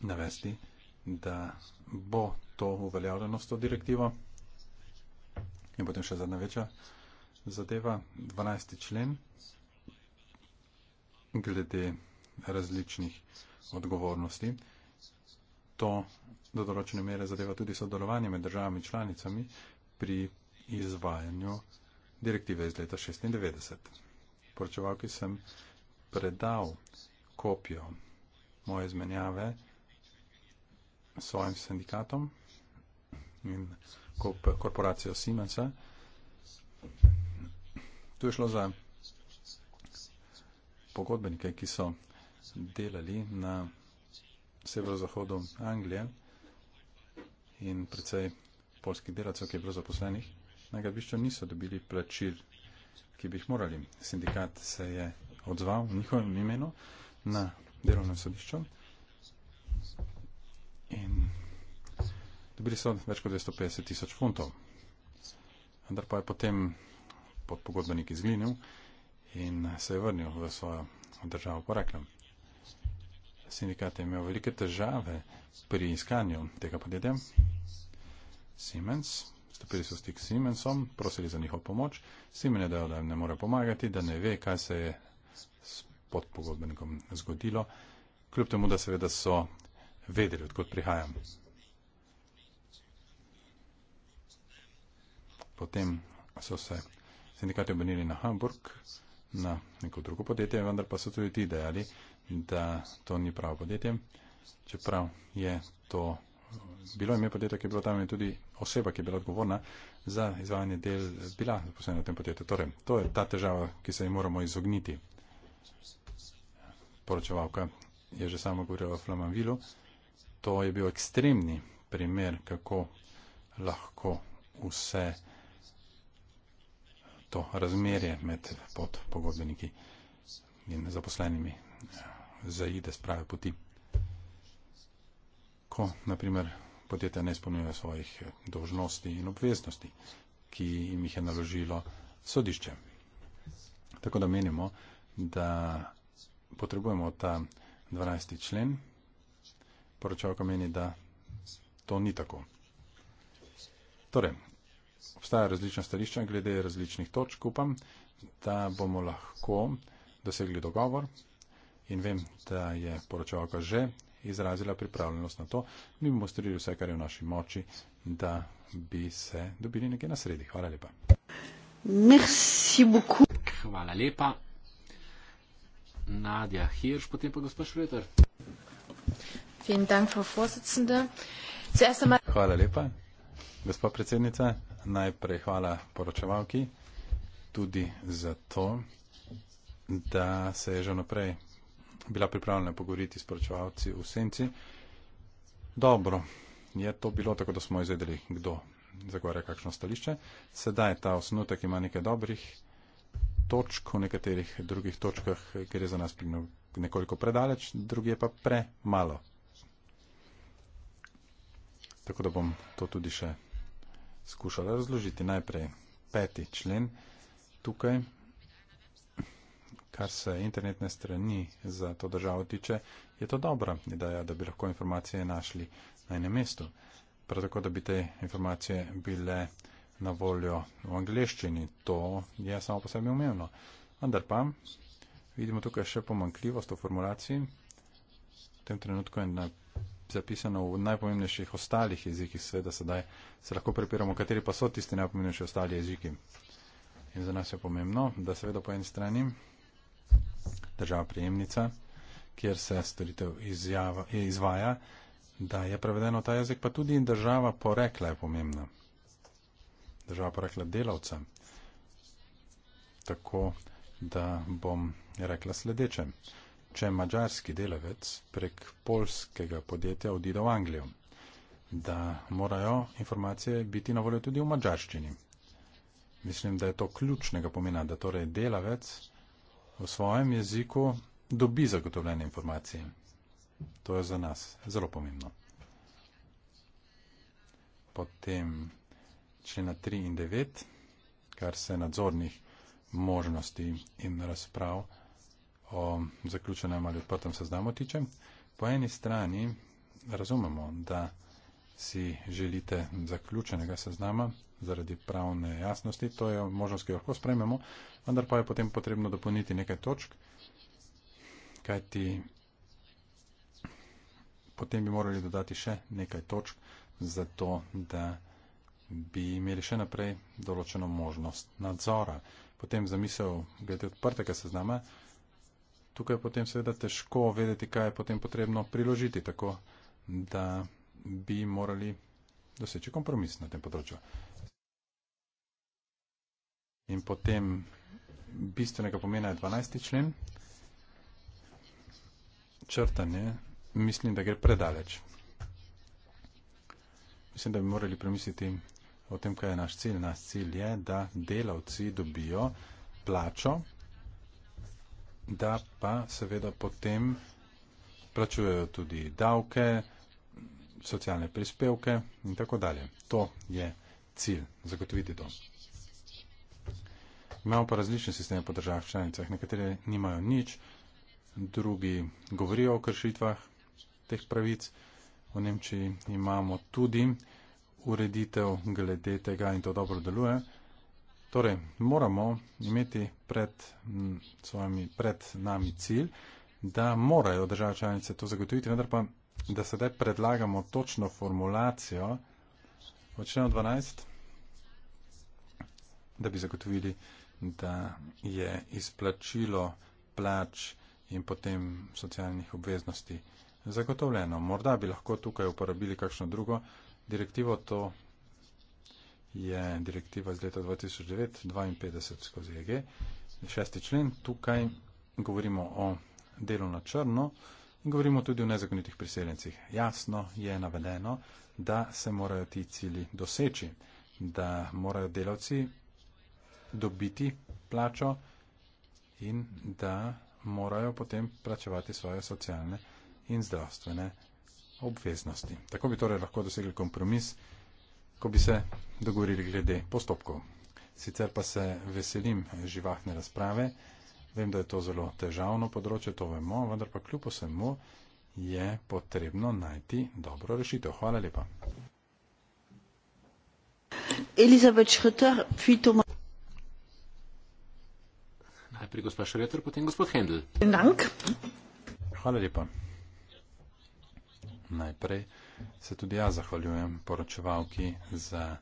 navesti, da bo to uveljavljeno s to direktivo. In potem še zadnja večja zadeva, 12. člen, glede različnih odgovornosti. To do določene mere zadeva tudi sodelovanje med državami članicami pri izvajanju direktive iz leta 96. Poročevalki sem predal kopijo moje izmenjave s svojim sindikatom in korporacijo Siemensa. Tu je šlo za pogodbenike, ki so delali na severozahodu Anglije in precej polskih delavcev, ki je bilo zaposlenih, na gradbišču niso dobili plačil, ki bi jih morali. Sindikat se je odzval v njihovem imenu na delovnem sodišču. In dobili so več kot 250 tisoč funtov. Vendar pa je potem pod pogodbenik izglinil in se je vrnil v svojo državo porekla. Sindikat je imel velike težave pri iskanju tega podjetja. Siemens, stopili so stik s Siemensom, prosili za njihov pomoč. Siemens je dejal, da jim ne more pomagati, da ne ve, kaj se je pod pogodbenikom zgodilo, kljub temu, da seveda so vedeli, odkot prihajam. Potem so se sindikati obrnili na Hamburg, na neko drugo podjetje, vendar pa so tudi ti dejali, da to ni pravo podjetje, čeprav je to bilo ime podjetja, ki je bilo tam in tudi oseba, ki je bila odgovorna za izvajanje del, bila zaposlena v tem podjetju. Torej, to je ta težava, ki se ji moramo izogniti poročevalka je že sama govorila o Flamanvilu. To je bil ekstremni primer, kako lahko vse to razmerje med podpogodbeniki in zaposlenimi eh, zaide sprave poti. Ko, naprimer, podjetja ne izpolnjujejo svojih eh, dožnosti in obveznosti, ki jim jih je naložilo sodišče. Tako da menimo, da potrebujemo ta 12. člen. Poročavka meni, da to ni tako. Torej, obstaja različna stališča glede različnih točk, upam, da bomo lahko dosegli dogovor in vem, da je poročavka že izrazila pripravljenost na to. Mi bomo storili vse, kar je v naši moči, da bi se dobili nekaj na sredi. Hvala lepa. Merci beaucoup. Hvala lepa. Nadja Hirš, potem pa gospod Šreter. Hvala lepa, gospod predsednica. Najprej hvala poročevalki tudi za to, da se je že naprej bila pripravljena pogovoriti s poročevalci v senci. Dobro, je to bilo tako, da smo izvedeli, kdo zagovarja kakšno stališče. Sedaj ta osnutek ima nekaj dobrih točk, v nekaterih drugih točkah gre za nas nekoliko predaleč, druge pa premalo. Tako da bom to tudi še skušala razložiti. Najprej peti člen tukaj, kar se internetne strani za to državo tiče, je to dobra ideja, da bi lahko informacije našli na enem mestu. Prav tako, da bi te informacije bile na voljo v angleščini. To je samo po sebi umevno. Vendar pa vidimo tukaj še pomankljivost v formulaciji. V tem trenutku je na, zapisano v najpomembnejših ostalih jezikih, seveda sedaj se lahko prepiramo, kateri pa so tisti najpomembnejši ostali jeziki. In za nas je pomembno, da seveda po eni strani država prijemnica, kjer se storitev izjava, izvaja, da je prevedeno ta jezik, pa tudi država porekla je pomembna država pa rekla delavcem. Tako da bom rekla sledeče. Če mađarski delavec prek polskega podjetja odide v Anglijo, da morajo informacije biti na voljo tudi v mađarščini. Mislim, da je to ključnega pomena, da torej delavec v svojem jeziku dobi zagotovljene informacije. To je za nas zelo pomembno. Potem člena 3 in 9, kar se nadzornih možnosti in razprav o zaključenem ali odprtem seznamu tiče. Po eni strani razumemo, da si želite zaključenega seznama zaradi pravne jasnosti, to je možnost, ki jo lahko sprememo, vendar pa je potem potrebno dopolniti nekaj točk, kajti potem bi morali dodati še nekaj točk za to, da bi imeli še naprej določeno možnost nadzora. Potem zamisel glede odprtega seznama, tukaj je potem seveda težko vedeti, kaj je potem potrebno priložiti, tako da bi morali doseči kompromis na tem področju. In potem bistvenega pomena je 12. člen, črtanje, mislim, da gre predaleč. Mislim, da bi morali premisliti o tem, kaj je naš cilj. Naš cilj je, da delavci dobijo plačo, da pa seveda potem plačujejo tudi davke, socialne prispevke in tako dalje. To je cilj, zagotoviti to. Imamo pa različne sisteme po državah članicah, nekatere nimajo nič, drugi govorijo o kršitvah teh pravic. V Nemčiji imamo tudi ureditev glede tega in to dobro deluje. Torej, moramo imeti pred, svojimi, pred nami cilj, da morajo države članice to zagotoviti, vendar pa, da sedaj predlagamo točno formulacijo v členu 12, da bi zagotovili, da je izplačilo plač in potem socialnih obveznosti zagotovljeno. Morda bi lahko tukaj uporabili kakšno drugo direktivo to je direktiva z leta 2009, 52 skozi EG, šesti člen. Tukaj govorimo o delu na črno in govorimo tudi o nezakonitih priseljencih. Jasno je navedeno, da se morajo ti cili doseči, da morajo delavci dobiti plačo in da morajo potem plačevati svoje socialne in zdravstvene obveznosti. Tako bi torej lahko dosegli kompromis, ko bi se dogovorili glede postopkov. Sicer pa se veselim živahne razprave. Vem, da je to zelo težavno področje, to vemo, vendar pa kljub vsemu je potrebno najti dobro rešitev. Hvala lepa. Elizabet Šreter, Fitoma. Najprej gospod Šreter, potem gospod Hendel. Hvala lepa najprej se tudi jaz zahvaljujem poročevalki za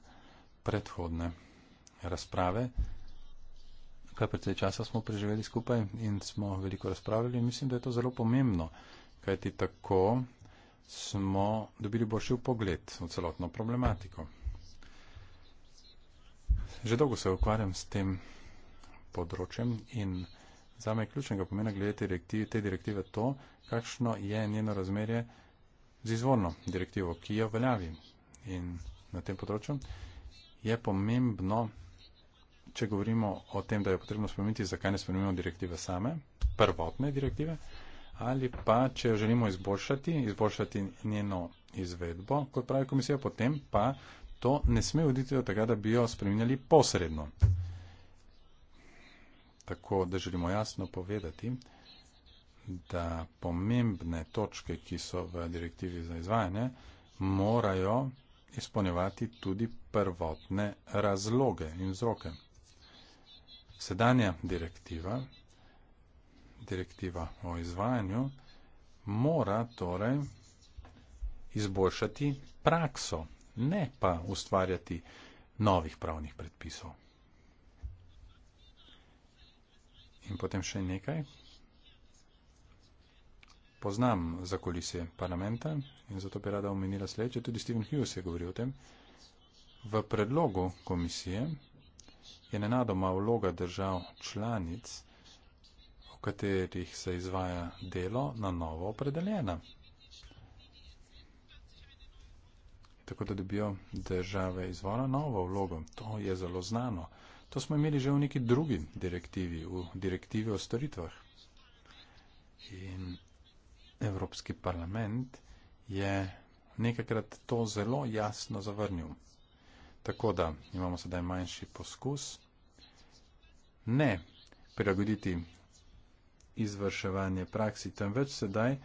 predhodne razprave. Kaj precej časa smo preživeli skupaj in smo veliko razpravljali in mislim, da je to zelo pomembno, kajti tako smo dobili boljši pogled v celotno problematiko. Že dolgo se ukvarjam s tem področjem in zame je ključnega pomena glede te direktive, te direktive to, kakšno je njeno razmerje z izvorno direktivo, ki jo veljavi in na tem področju je pomembno, če govorimo o tem, da je potrebno spremeniti, zakaj ne spremenimo direktive same, prvotne direktive, ali pa, če jo želimo izboljšati, izboljšati njeno izvedbo, kot pravi komisija, potem pa to ne sme voditi do tega, da bi jo spremenjali posredno. Tako, da želimo jasno povedati, da pomembne točke, ki so v direktivi za izvajanje, morajo izpolnjevati tudi prvotne razloge in vzroke. Sedanja direktiva, direktiva o izvajanju, mora torej izboljšati prakso, ne pa ustvarjati novih pravnih predpisov. In potem še nekaj, poznam za kulisje parlamenta in zato bi rada omenila sledeče, tudi Steven Hughes je govoril o tem. V predlogu komisije je nenadoma vloga držav članic, v katerih se izvaja delo, na novo opredeljena. Tako da dobijo države izvora novo vlogo. To je zelo znano. To smo imeli že v neki drugi direktivi, v direktivi o storitvah. In Evropski parlament je nekakrat to zelo jasno zavrnil. Tako da imamo sedaj manjši poskus ne prilagoditi izvrševanje praksi, temveč sedaj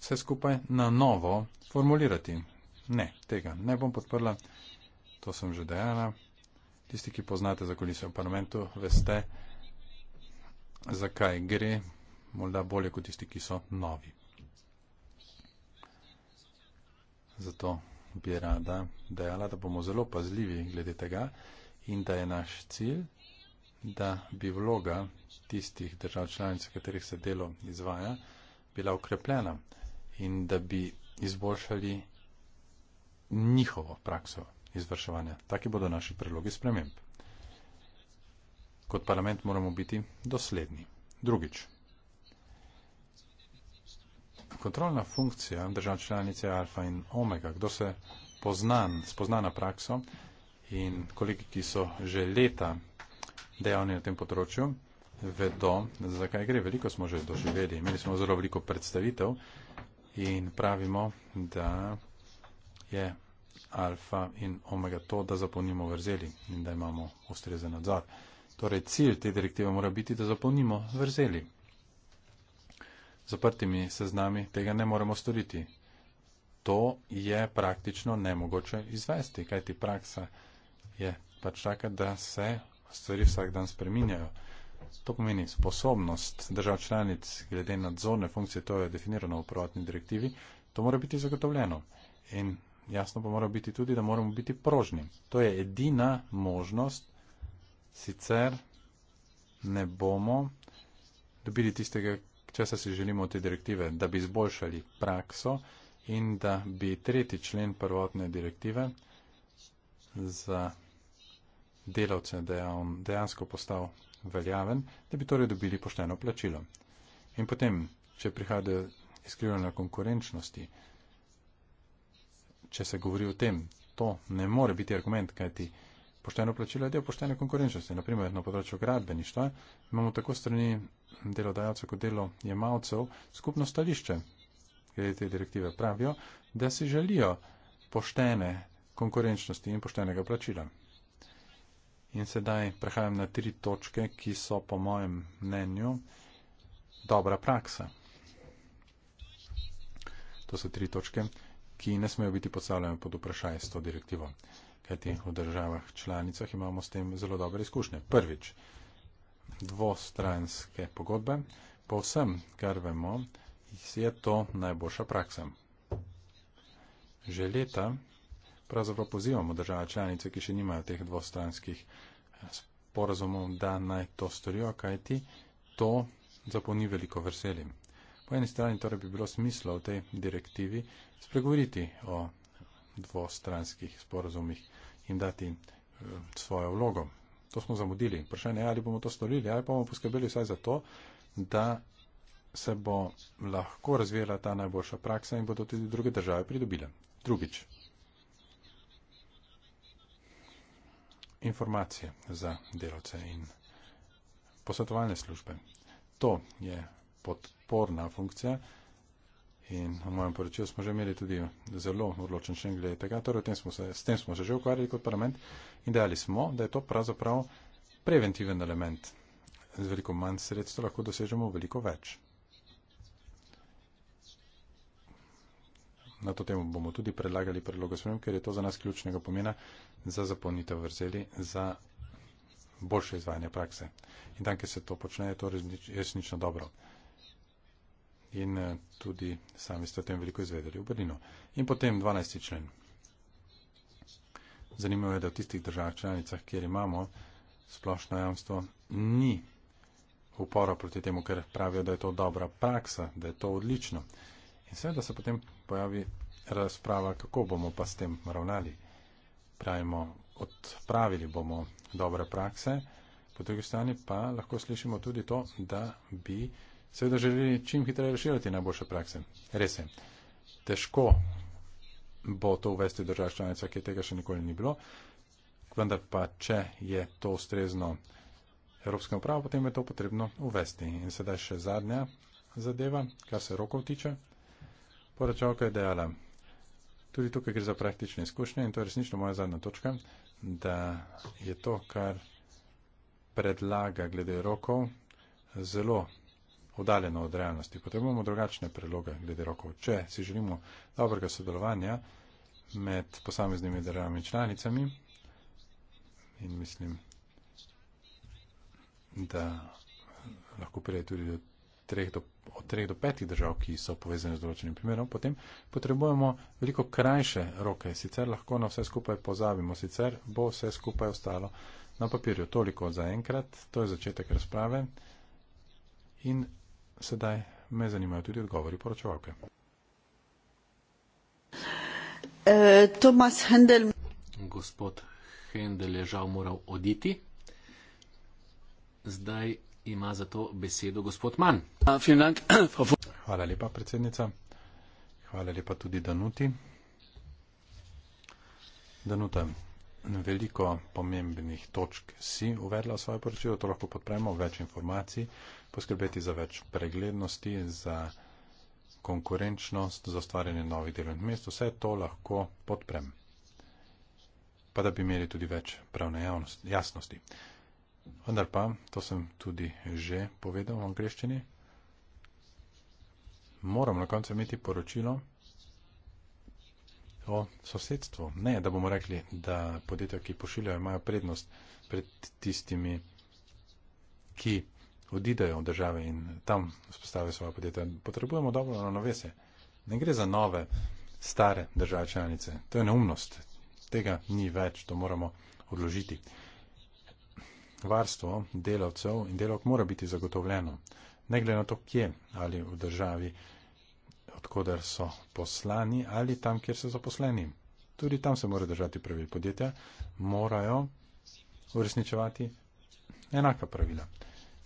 vse skupaj na novo formulirati. Ne, tega ne bom podprla, to sem že dejala. Tisti, ki poznate za kulise v parlamentu, veste, zakaj gre, morda bolje kot tisti, ki so novi. zato bi rada dejala, da bomo zelo pazljivi glede tega in da je naš cilj, da bi vloga tistih držav članic, v katerih se delo izvaja, bila ukrepljena in da bi izboljšali njihovo prakso izvrševanja. Taki bodo naši predlogi sprememb. Kot parlament moramo biti dosledni. Drugič kontrolna funkcija držav članice alfa in omega, kdo se poznan, spozna na prakso in koliki, ki so že leta dejavni na tem področju, vedo, zakaj gre. Veliko smo že doživeli, imeli smo zelo veliko predstavitev in pravimo, da je alfa in omega to, da zapolnimo vrzeli in da imamo ustrezen nadzor. Torej, cilj te direktive mora biti, da zapolnimo vrzeli zaprtimi seznami tega ne moremo storiti. To je praktično nemogoče izvesti, kajti praksa je pač taka, da se stvari vsak dan spreminjajo. To pomeni sposobnost držav članic glede nadzorne funkcije, to je definirano v prvotni direktivi, to mora biti zagotovljeno. In jasno pa mora biti tudi, da moramo biti prožni. To je edina možnost, sicer ne bomo dobili tistega, Česa si želimo od te direktive? Da bi izboljšali prakso in da bi tretji člen prvotne direktive za delavce dejansko postal veljaven, da bi torej dobili pošteno plačilo. In potem, če prihaja do iskrivljena konkurenčnosti, če se govori o tem, to ne more biti argument, kajti pošteno plačilo je del poštene konkurenčnosti. Naprimer, na področju gradbeništva imamo tako strani delodajalcev kot delojemalcev skupno stališče, glede te direktive pravijo, da si želijo poštene konkurenčnosti in poštenega plačila. In sedaj prehajam na tri točke, ki so po mojem mnenju dobra praksa. To so tri točke, ki ne smejo biti postavljene pod vprašaj s to direktivo kajti v državah članicah imamo s tem zelo dobre izkušnje. Prvič, dvostranske pogodbe, po vsem, kar vemo, je to najboljša praksa. Že leta pravzaprav pozivamo države članice, ki še nimajo teh dvostranskih eh, sporazumov, da naj to storijo, kajti to zaponi veliko veseli. Po eni strani torej bi bilo smislo v tej direktivi spregovoriti o dvostranskih sporazumih in dati eh, svojo vlogo. To smo zamudili. Vprašanje je, ali bomo to storili, ali bomo poskrbeli vsaj za to, da se bo lahko razvijala ta najboljša praksa in bodo tudi druge države pridobile. Drugič. Informacije za delovce in posvetovalne službe. To je podporna funkcija, In na mojem poročilu smo že imeli tudi zelo odločen člen glede tega. Torej, tem smo se, s tem smo se že ukvarjali kot parlament in dejali smo, da je to pravzaprav preventiven element. Z veliko manj sredstva lahko dosežemo veliko več. Na to temu bomo tudi predlagali predlogo sprem, ker je to za nas ključnega pomena za zapolnitev vrzeli, za boljše izvajanje prakse. In tam, kjer se to počne, je to resnično dobro in eh, tudi sami ste o tem veliko izvedeli v Berlinu. In potem 12. člen. Zanimivo je, da v tistih državah članicah, kjer imamo splošno jamstvo, ni upora proti temu, ker pravijo, da je to dobra praksa, da je to odlično. In seveda se potem pojavi razprava, kako bomo pa s tem ravnali. Pravimo, odpravili bomo dobre prakse, po drugi strani pa lahko slišimo tudi to, da bi seveda želi čim hitreje rešiti najboljše prakse. Res je, težko bo to uvesti v državi članica, ki tega še nikoli ni bilo, vendar pa, če je to ustrezno evropskemu pravu, potem je to potrebno uvesti. In sedaj še zadnja zadeva, kar se rokov tiče. Poročavka je dejala, tudi tukaj gre za praktične izkušnje in to je resnično moja zadnja točka, da je to, kar predlaga glede rokov, zelo oddaljeno od realnosti. Potrebujemo drugačne predloge glede rokov. Če si želimo dobrega sodelovanja med posameznimi državami članicami in mislim, da lahko prije tudi do treh do, od treh do petih držav, ki so povezane z določenim primerom, potem potrebujemo veliko krajše roke, sicer lahko na vse skupaj pozabimo, sicer bo vse skupaj ostalo na papirju. Toliko za enkrat, to je začetek razprave. In Sedaj me zanimajo tudi odgovori poročevalke. Eh, Tomas Hendel. Gospod Hendel je žal moral oditi. Zdaj ima za to besedo gospod Mann. Ja, [clears throat] Hvala lepa, predsednica. Hvala lepa tudi Danuti. Danuta, veliko pomembnih točk si uvedla v svoje poročilo, to lahko podpremo, več informacij poskrbeti za več preglednosti, za konkurenčnost, za ustvarjanje novih delovnih mest, vse to lahko podprem. Pa da bi imeli tudi več pravne javnost, jasnosti. Vendar pa, to sem tudi že povedal v angleščini, moram na koncu imeti poročilo o sosedstvu. Ne, da bomo rekli, da podjetja, ki pošiljajo, imajo prednost pred tistimi, ki odidejo v države in tam spostavijo svoje podjetje. Potrebujemo dobro ravnovesje. Ne gre za nove, stare države članice. To je neumnost. Tega ni več, to moramo odložiti. Varstvo delavcev in delavk mora biti zagotovljeno. Ne glede na to, kje ali v državi, odkudar so poslani ali tam, kjer so zaposleni. Tudi tam se mora držati pravil. Podjetja morajo uresničevati enaka pravila.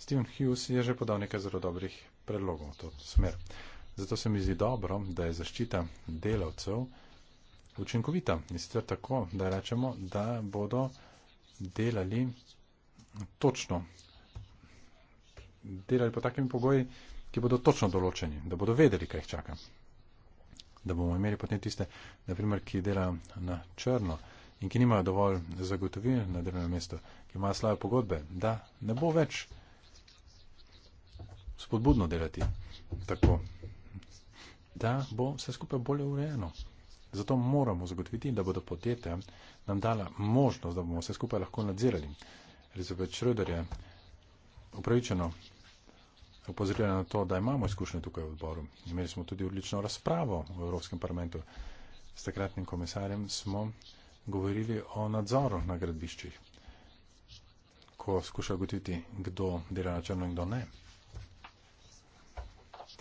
Steven Hughes je že podal nekaj zelo dobrih predlogov v to smer. Zato se mi zdi dobro, da je zaščita delavcev učinkovita. In sicer tako, da rečemo, da bodo delali točno, delali po takimi pogoji, ki bodo točno določeni, da bodo vedeli, kaj jih čaka. Da bomo imeli potem tiste, naprimer, ki delajo na črno in ki nimajo dovolj zagotovil na delovnem mestu, ki imajo slabe pogodbe, da ne bo več spodbudno delati tako, da bo vse skupaj bolje urejeno. Zato moramo zagotoviti, da bodo podjetja nam dala možnost, da bomo vse skupaj lahko nadzirali. Elizabeth Schröder je upravičeno opozorila na to, da imamo izkušnje tukaj v odboru. Imeli smo tudi odlično razpravo v Evropskem parlamentu. S takratnim komisarjem smo govorili o nadzoru na gradbiščih, ko skuša ugotoviti, kdo dela na črno in kdo ne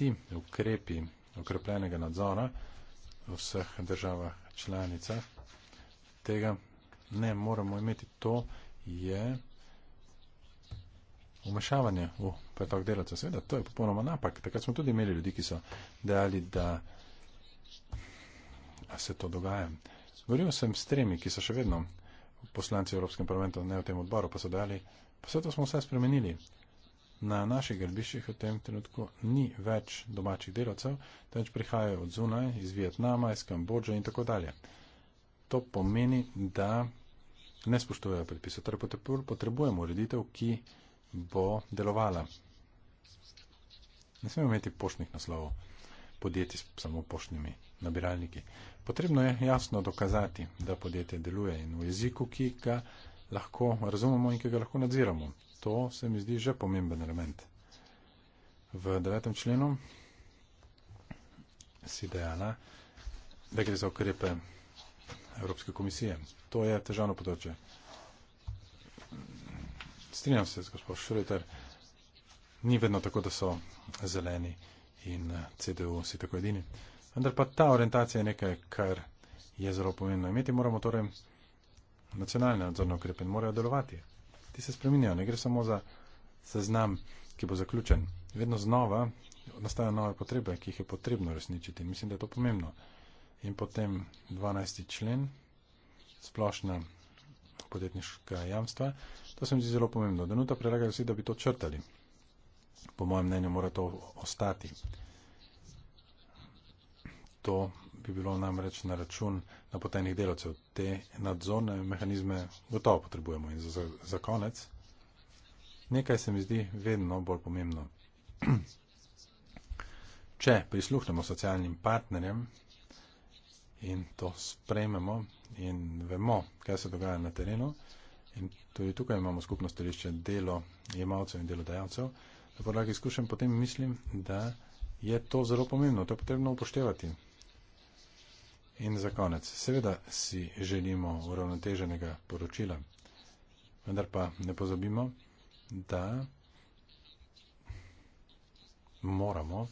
oblasti, ukrepi okrepljenega nadzora v vseh državah članicah, tega ne moramo imeti. To je umešavanje v pretok delavcev. Seveda, to je popolnoma napak. Takrat smo tudi imeli ljudi, ki so dejali, da se to dogaja. Govoril sem s tremi, ki so še vedno poslanci Evropskem parlamentu, ne v tem odboru, pa so dali, pa vse to smo vse spremenili na naših grbiščih v tem trenutku ni več domačih delavcev, temveč prihajajo od zunaj, iz Vietnama, iz Kambodže in tako dalje. To pomeni, da ne spoštujejo predpisov, torej potrebujemo ureditev, ki bo delovala. Ne smemo imeti poštnih naslovov podjetij s samo poštnimi nabiralniki. Potrebno je jasno dokazati, da podjetje deluje in v jeziku, ki ga lahko razumemo in ki ga lahko nadziramo to se mi zdi že pomemben element. V devetem členu si dejala, da gre za ukrepe Evropske komisije. To je težavno področje. Strinjam se z gospod Šreter, ni vedno tako, da so zeleni in eh, CDU si tako edini. Vendar pa ta orientacija je nekaj, kar je zelo pomembno imeti. Moramo torej nacionalne nadzorne ukrepe in morajo delovati ti se spreminjajo, ne gre samo za seznam, ki bo zaključen. Vedno znova nastajajo nove potrebe, ki jih je potrebno resničiti. Mislim, da je to pomembno. In potem 12. člen, splošna podjetniška jamstva. To se mi zdi zelo pomembno. Denuta predlagajo vsi, da bi to črtali. Po mojem mnenju mora to ostati. To bi bilo namreč na račun napotenih delavcev. Te nadzorne mehanizme gotovo potrebujemo. In za, za konec, nekaj se mi zdi vedno bolj pomembno. [clears throat] Če prisluhnemo socialnim partnerjem in to sprejmemo in vemo, kaj se dogaja na terenu, in tudi tukaj imamo skupno stališče delo jemalcev in delodajalcev, na podlagi izkušenj potem mislim, da je to zelo pomembno, to je potrebno upoštevati. In za konec, seveda si želimo uravnoteženega poročila, vendar pa ne pozabimo, da moramo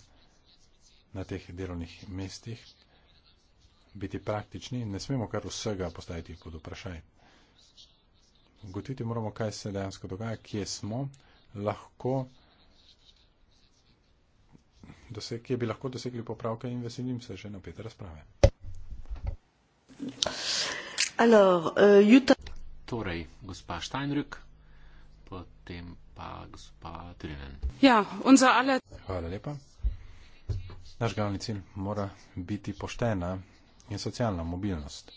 na teh delovnih mestih biti praktični in ne smemo kar vsega postaviti pod vprašaj. Gotiti moramo, kaj se dejansko dogaja, kje smo, lahko doseg, kje bi lahko dosegli popravke in veselim se že na pete razprave. Euh, torej, gospa Steinrück, potem pa gospa Trinen. Ja, alle... Hvala lepa. Naš glavni cilj mora biti poštena in socialna mobilnost.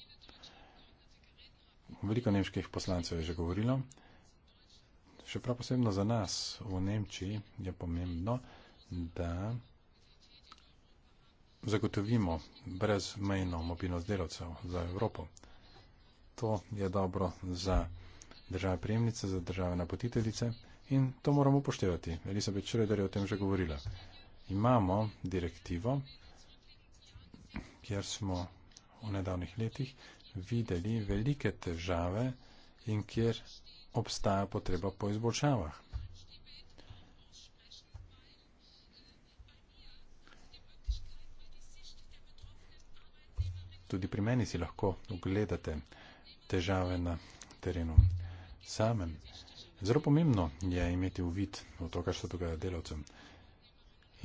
Veliko nemških poslancev je že govorilo. Še prav posebno za nas v Nemčiji je pomembno, da zagotovimo brezmejno mobilnost delavcev za Evropo. To je dobro za države prijemnice, za države napotiteljice in to moramo upoštevati. Elisabeth Schroeder je o tem že govorila. Imamo direktivo, kjer smo v nedavnih letih videli velike težave in kjer obstaja potreba po izboljšavah. tudi pri meni si lahko ogledate težave na terenu samem. Zelo pomembno je imeti uvid v to, kar se dogaja delavcem.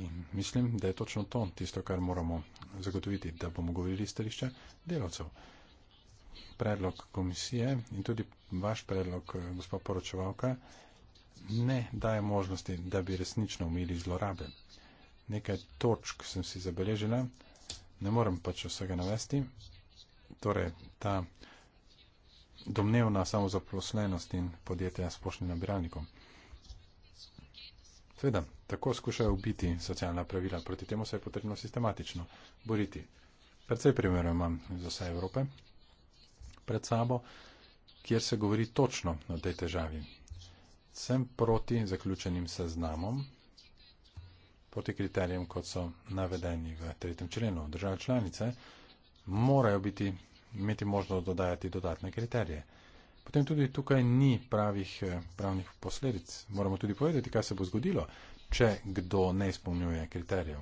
In mislim, da je točno to tisto, kar moramo zagotoviti, da bomo govorili stališče delavcev. Predlog komisije in tudi vaš predlog, gospa poročevalka, ne daje možnosti, da bi resnično umili zlorabe. Nekaj točk sem si zabeležila ne morem pač vsega navesti. Torej, ta domnevna samozaposlenost in podjetja s pošnjim nabiralnikom. Sveda, tako skušajo ubiti socialna pravila, proti temu se je potrebno sistematično boriti. Predvsej primerov imam iz vse Evrope pred sabo, kjer se govori točno o tej težavi. Sem proti zaključenim seznamom, po tih kriterijem, kot so navedeni v tretjem členu. Države članice morajo biti, imeti možnost dodajati dodatne kriterije. Potem tudi tukaj ni pravih eh, pravnih posledic. Moramo tudi povedati, kaj se bo zgodilo, če kdo ne izpolnjuje kriterijev.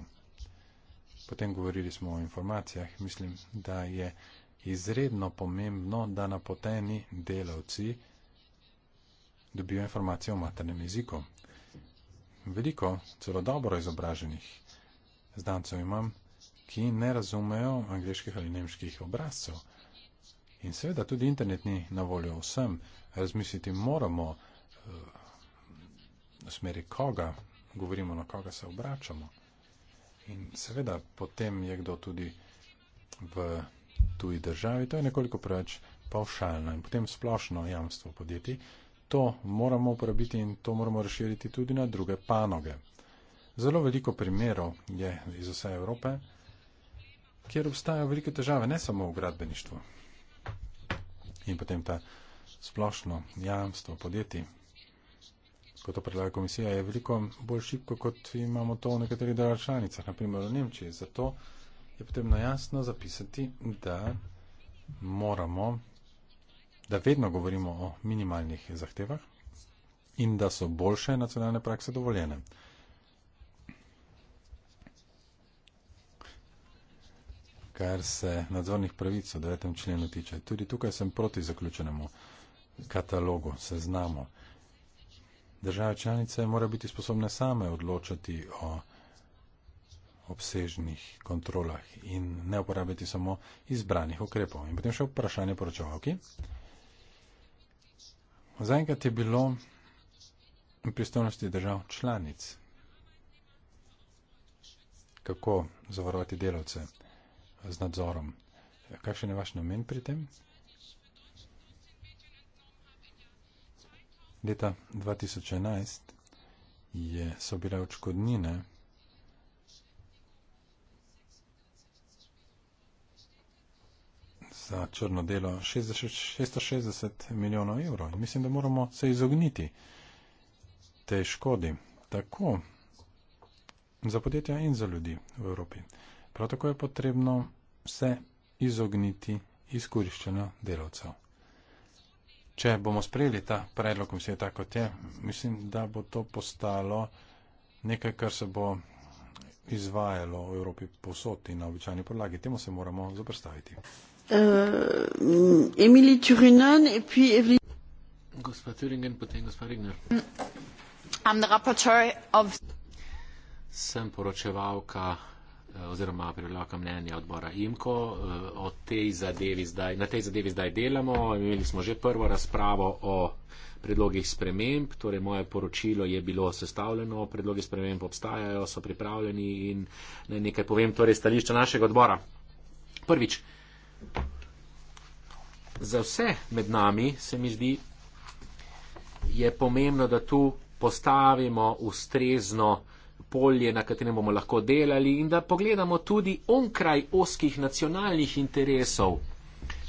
Potem govorili smo o informacijah. Mislim, da je izredno pomembno, da napoteni delavci dobijo informacije o maternem jeziku veliko celo dobro izobraženih znancev imam, ki ne razumejo angliških ali nemških obrazcev. In seveda tudi internet ni na voljo vsem. Razmisliti moramo eh, v smeri koga, govorimo na koga se obračamo. In seveda potem je kdo tudi v tuji državi, to je nekoliko preveč pavšalno in potem splošno jamstvo podjetij, To moramo uporabiti in to moramo razširiti tudi na druge panoge. Zelo veliko primerov je iz vse Evrope, kjer obstajajo velike težave, ne samo v gradbeništvu. In potem ta splošno jamstvo podjetij, kot to predlaga komisija, je veliko bolj šipko, kot imamo to v nekaterih državah članicah, naprimer v Nemčiji. Zato je potrebno jasno zapisati, da moramo da vedno govorimo o minimalnih zahtevah in da so boljše nacionalne prakse dovoljene. Kar se nadzornih pravic v 9. členu tiče, tudi tukaj sem proti zaključenemu katalogu, seznamu. Države članice morajo biti sposobne same odločati o obsežnih kontrolah in ne uporabiti samo izbranih ukrepov. In potem še vprašanje poročevalki. Okay? Zaenkrat je bilo v pristojnosti držav članic, kako zavarovati delavce z nadzorom. Kakšen je vaš namen pri tem? Leta 2011 je, so bile očkodnine, za črno delo 660 milijonov evrov. In mislim, da moramo se izogniti tej škodi, tako za podjetja in za ljudi v Evropi. Prav tako je potrebno se izogniti izkoriščenja delavcev. Če bomo sprejeli ta predlog in vse tako je, mislim, da bo to postalo nekaj, kar se bo izvajalo v Evropi posod in na običajni podlagi. Temu se moramo zaprstaviti. Emilie euh, Turunen et puis Evelyne. Gospa Turingen, potem gospa Rigner. I'm the rapporteur of... Sem poročevalka eh, oziroma prevelaka mnenja odbora IMKO. Eh, o tej zadevi zdaj, na tej zadevi zdaj delamo. Imeli smo že prvo razpravo o predlogih sprememb. Torej, moje poročilo je bilo sestavljeno, predlogi sprememb obstajajo, so pripravljeni in naj nekaj povem, torej stališče našega odbora. Prvič, Za vse med nami, se mi zdi, je pomembno, da tu postavimo ustrezno polje, na katerem bomo lahko delali in da pogledamo tudi onkraj oskih nacionalnih interesov.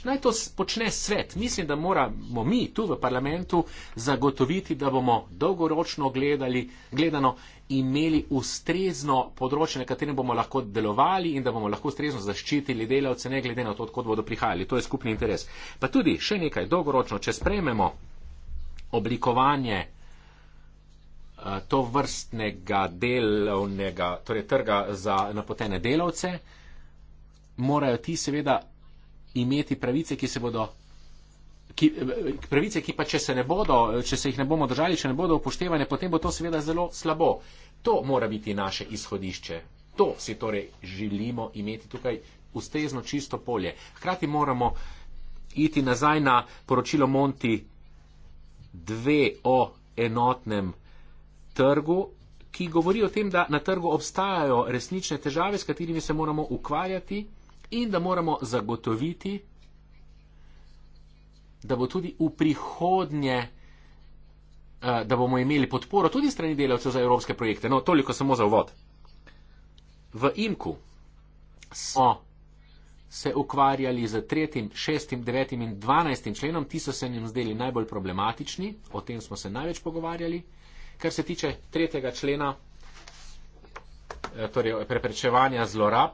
Naj to počne svet. Mislim, da moramo mi tu v parlamentu zagotoviti, da bomo dolgoročno gledali, gledano imeli ustrezno področje, na katerem bomo lahko delovali in da bomo lahko ustrezno zaščitili delavce, ne glede na to, odkot bodo prihajali. To je skupni interes. Pa tudi še nekaj dolgoročno, če sprememo oblikovanje eh, to vrstnega delovnega, torej trga za napotene delavce, morajo ti seveda imeti pravice, ki se bodo. Ki, pravice, ki pa če se, bodo, če se jih ne bomo držali, če ne bodo upoštevane, potem bo to seveda zelo slabo. To mora biti naše izhodišče. To si torej želimo imeti tukaj ustrezno čisto polje. Hkrati moramo iti nazaj na poročilo Monti 2 o enotnem trgu, ki govori o tem, da na trgu obstajajo resnične težave, s katerimi se moramo ukvarjati in da moramo zagotoviti, da bo tudi v prihodnje, eh, da bomo imeli podporo tudi strani delavcev za evropske projekte. No, toliko samo za uvod. V IMKU so se ukvarjali z 3., 6., 9. in 12. členom, ti so se jim zdeli najbolj problematični, o tem smo se največ pogovarjali. Kar se tiče 3. člena, eh, torej preprečevanja zlorab,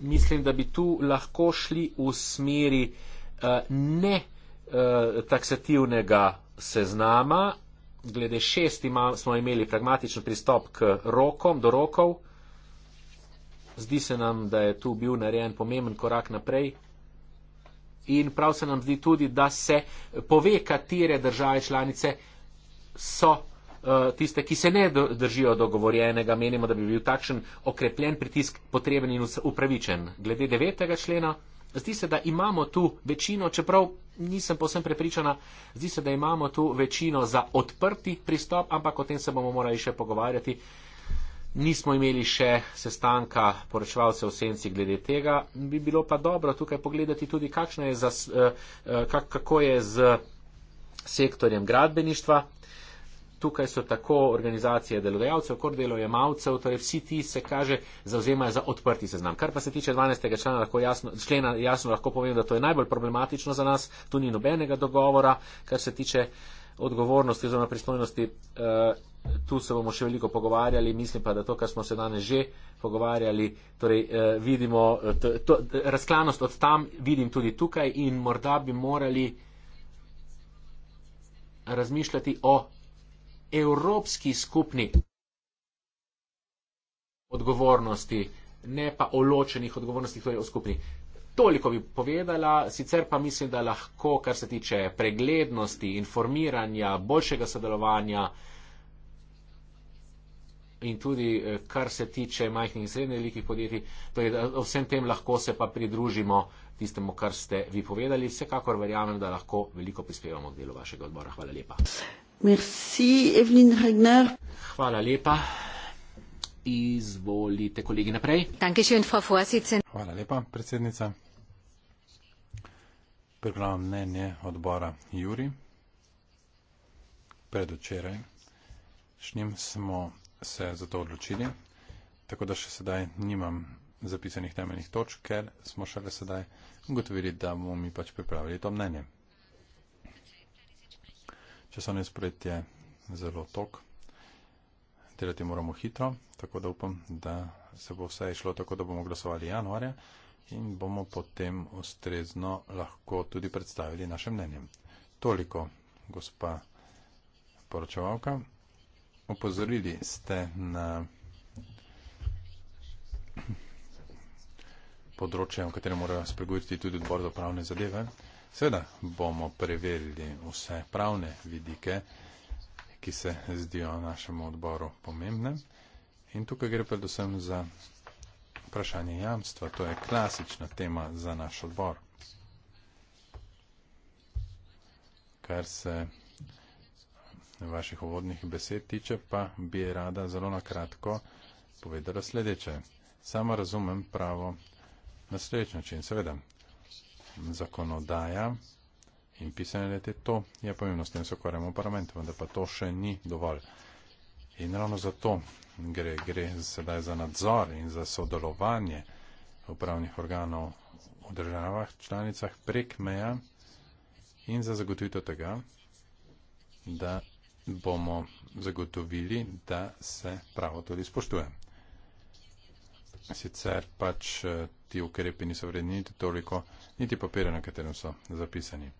mislim, da bi tu lahko šli v smeri uh, ne uh, taksativnega seznama. Glede šest ima, smo imeli pragmatičen pristop k rokom, do rokov. Zdi se nam, da je tu bil narejen pomemben korak naprej. In prav se nam zdi tudi, da se pove, katere države članice so Eh, tiste, ki se ne držijo dogovorjenega, menimo, da bi bil takšen okrepljen pritisk potreben in upravičen. Glede devetega člena, zdi se, da imamo tu večino, čeprav nisem posem prepričana, zdi se, da imamo tu večino za odprti pristop, ampak o tem se bomo morali še pogovarjati. Nismo imeli še sestanka poročevalcev v senci glede tega. Bi bilo pa dobro tukaj pogledati tudi, je za, eh, eh, kako je z sektorjem gradbeništva tukaj so tako organizacije delodajalcev, kot delojemalcev, torej vsi ti se kaže zauzemajo za odprti seznam. Kar pa se tiče 12. člena, lahko jasno, člena, jasno lahko povem, da to je najbolj problematično za nas, tu ni nobenega dogovora, kar se tiče odgovornosti oziroma pristojnosti. Uh, Tu se bomo še veliko pogovarjali, mislim pa, da to, kar smo se danes že pogovarjali, torej eh, vidimo, eh, to, to, razklanost od tam vidim tudi tukaj in morda bi morali razmišljati o evropski skupni odgovornosti, ne pa o ločenih odgovornostih, torej o skupni. Toliko bi povedala, sicer pa mislim, da lahko, kar se tiče preglednosti, informiranja, boljšega sodelovanja in tudi eh, kar se tiče majhnih in srednje velikih podjetij, torej vsem tem lahko se pa pridružimo tistemu, kar ste vi povedali. Vsekakor verjamem, da lahko veliko prispevamo k delu vašega odbora. Hvala lepa. Merci, Evelyn Regner. Hvala lepa. Izvolite, kolegi, naprej. Schön, Hvala lepa, predsednica. Priklavam mnenje odbora Juri. Predvčeraj šnjem smo se za to odločili, tako da še sedaj nimam zapisanih temeljnih točk, ker smo šele sedaj ugotovili, da bomo mi pač pripravili to mnenje časovni spred je zelo tok, delati moramo hitro, tako da upam, da se bo vse išlo tako, da bomo glasovali januarja in bomo potem ustrezno lahko tudi predstavili naše mnenje. Toliko, gospa poročevalka. Opozorili ste na področje, o katerem mora spregovoriti tudi odbor za pravne zadeve. Seveda bomo preverili vse pravne vidike, ki se zdijo našemu odboru pomembne. In tukaj gre predvsem za vprašanje jamstva. To je klasična tema za naš odbor. Kar se vaših uvodnih besed tiče, pa bi rada zelo na kratko povedala sledeče. Samo razumem pravo na sledeč način. Seveda, zakonodaja in pisanje le te to je pomembno, s tem se ukvarjamo v parlamentu, vendar pa to še ni dovolj. In ravno zato gre, gre sedaj za nadzor in za sodelovanje upravnih organov v državah, članicah prek meja in za zagotovitev tega, da bomo zagotovili, da se pravo tudi spoštuje sicer pač eh, ti ukrepi niso vredni niti toliko, niti papirja, na katerem so zapisani.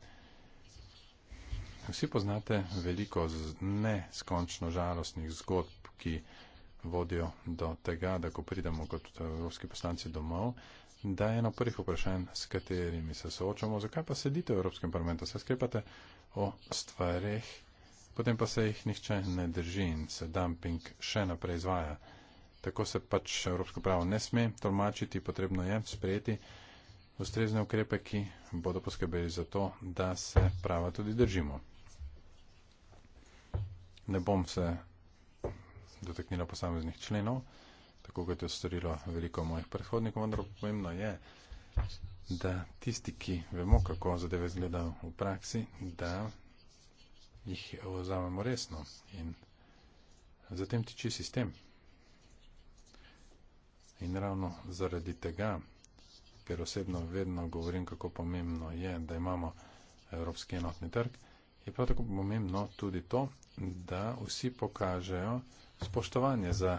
Vsi poznate veliko neskončno žalostnih zgodb, ki vodijo do tega, da ko pridemo kot evropski poslanci domov, da je eno prvih vprašanj, s katerimi se soočamo, zakaj pa sedite v Evropskem parlamentu, se skrepate o stvareh, potem pa se jih nihče ne drži in se dumping še naprej izvaja. Tako se pač evropsko pravo ne sme tolmačiti, potrebno je sprejeti ustrezne ukrepe, ki bodo poskrbeli za to, da se prava tudi držimo. Ne bom se dotaknila posameznih členov, tako kot je storilo veliko mojih predhodnikov, vendar pomembno je, da tisti, ki vemo, kako zadeve izgledajo v praksi, da jih vzamemo resno in zatem tiči sistem. In ravno zaradi tega, ker osebno vedno govorim, kako pomembno je, da imamo Evropski enotni trg, je prav tako pomembno tudi to, da vsi pokažejo spoštovanje za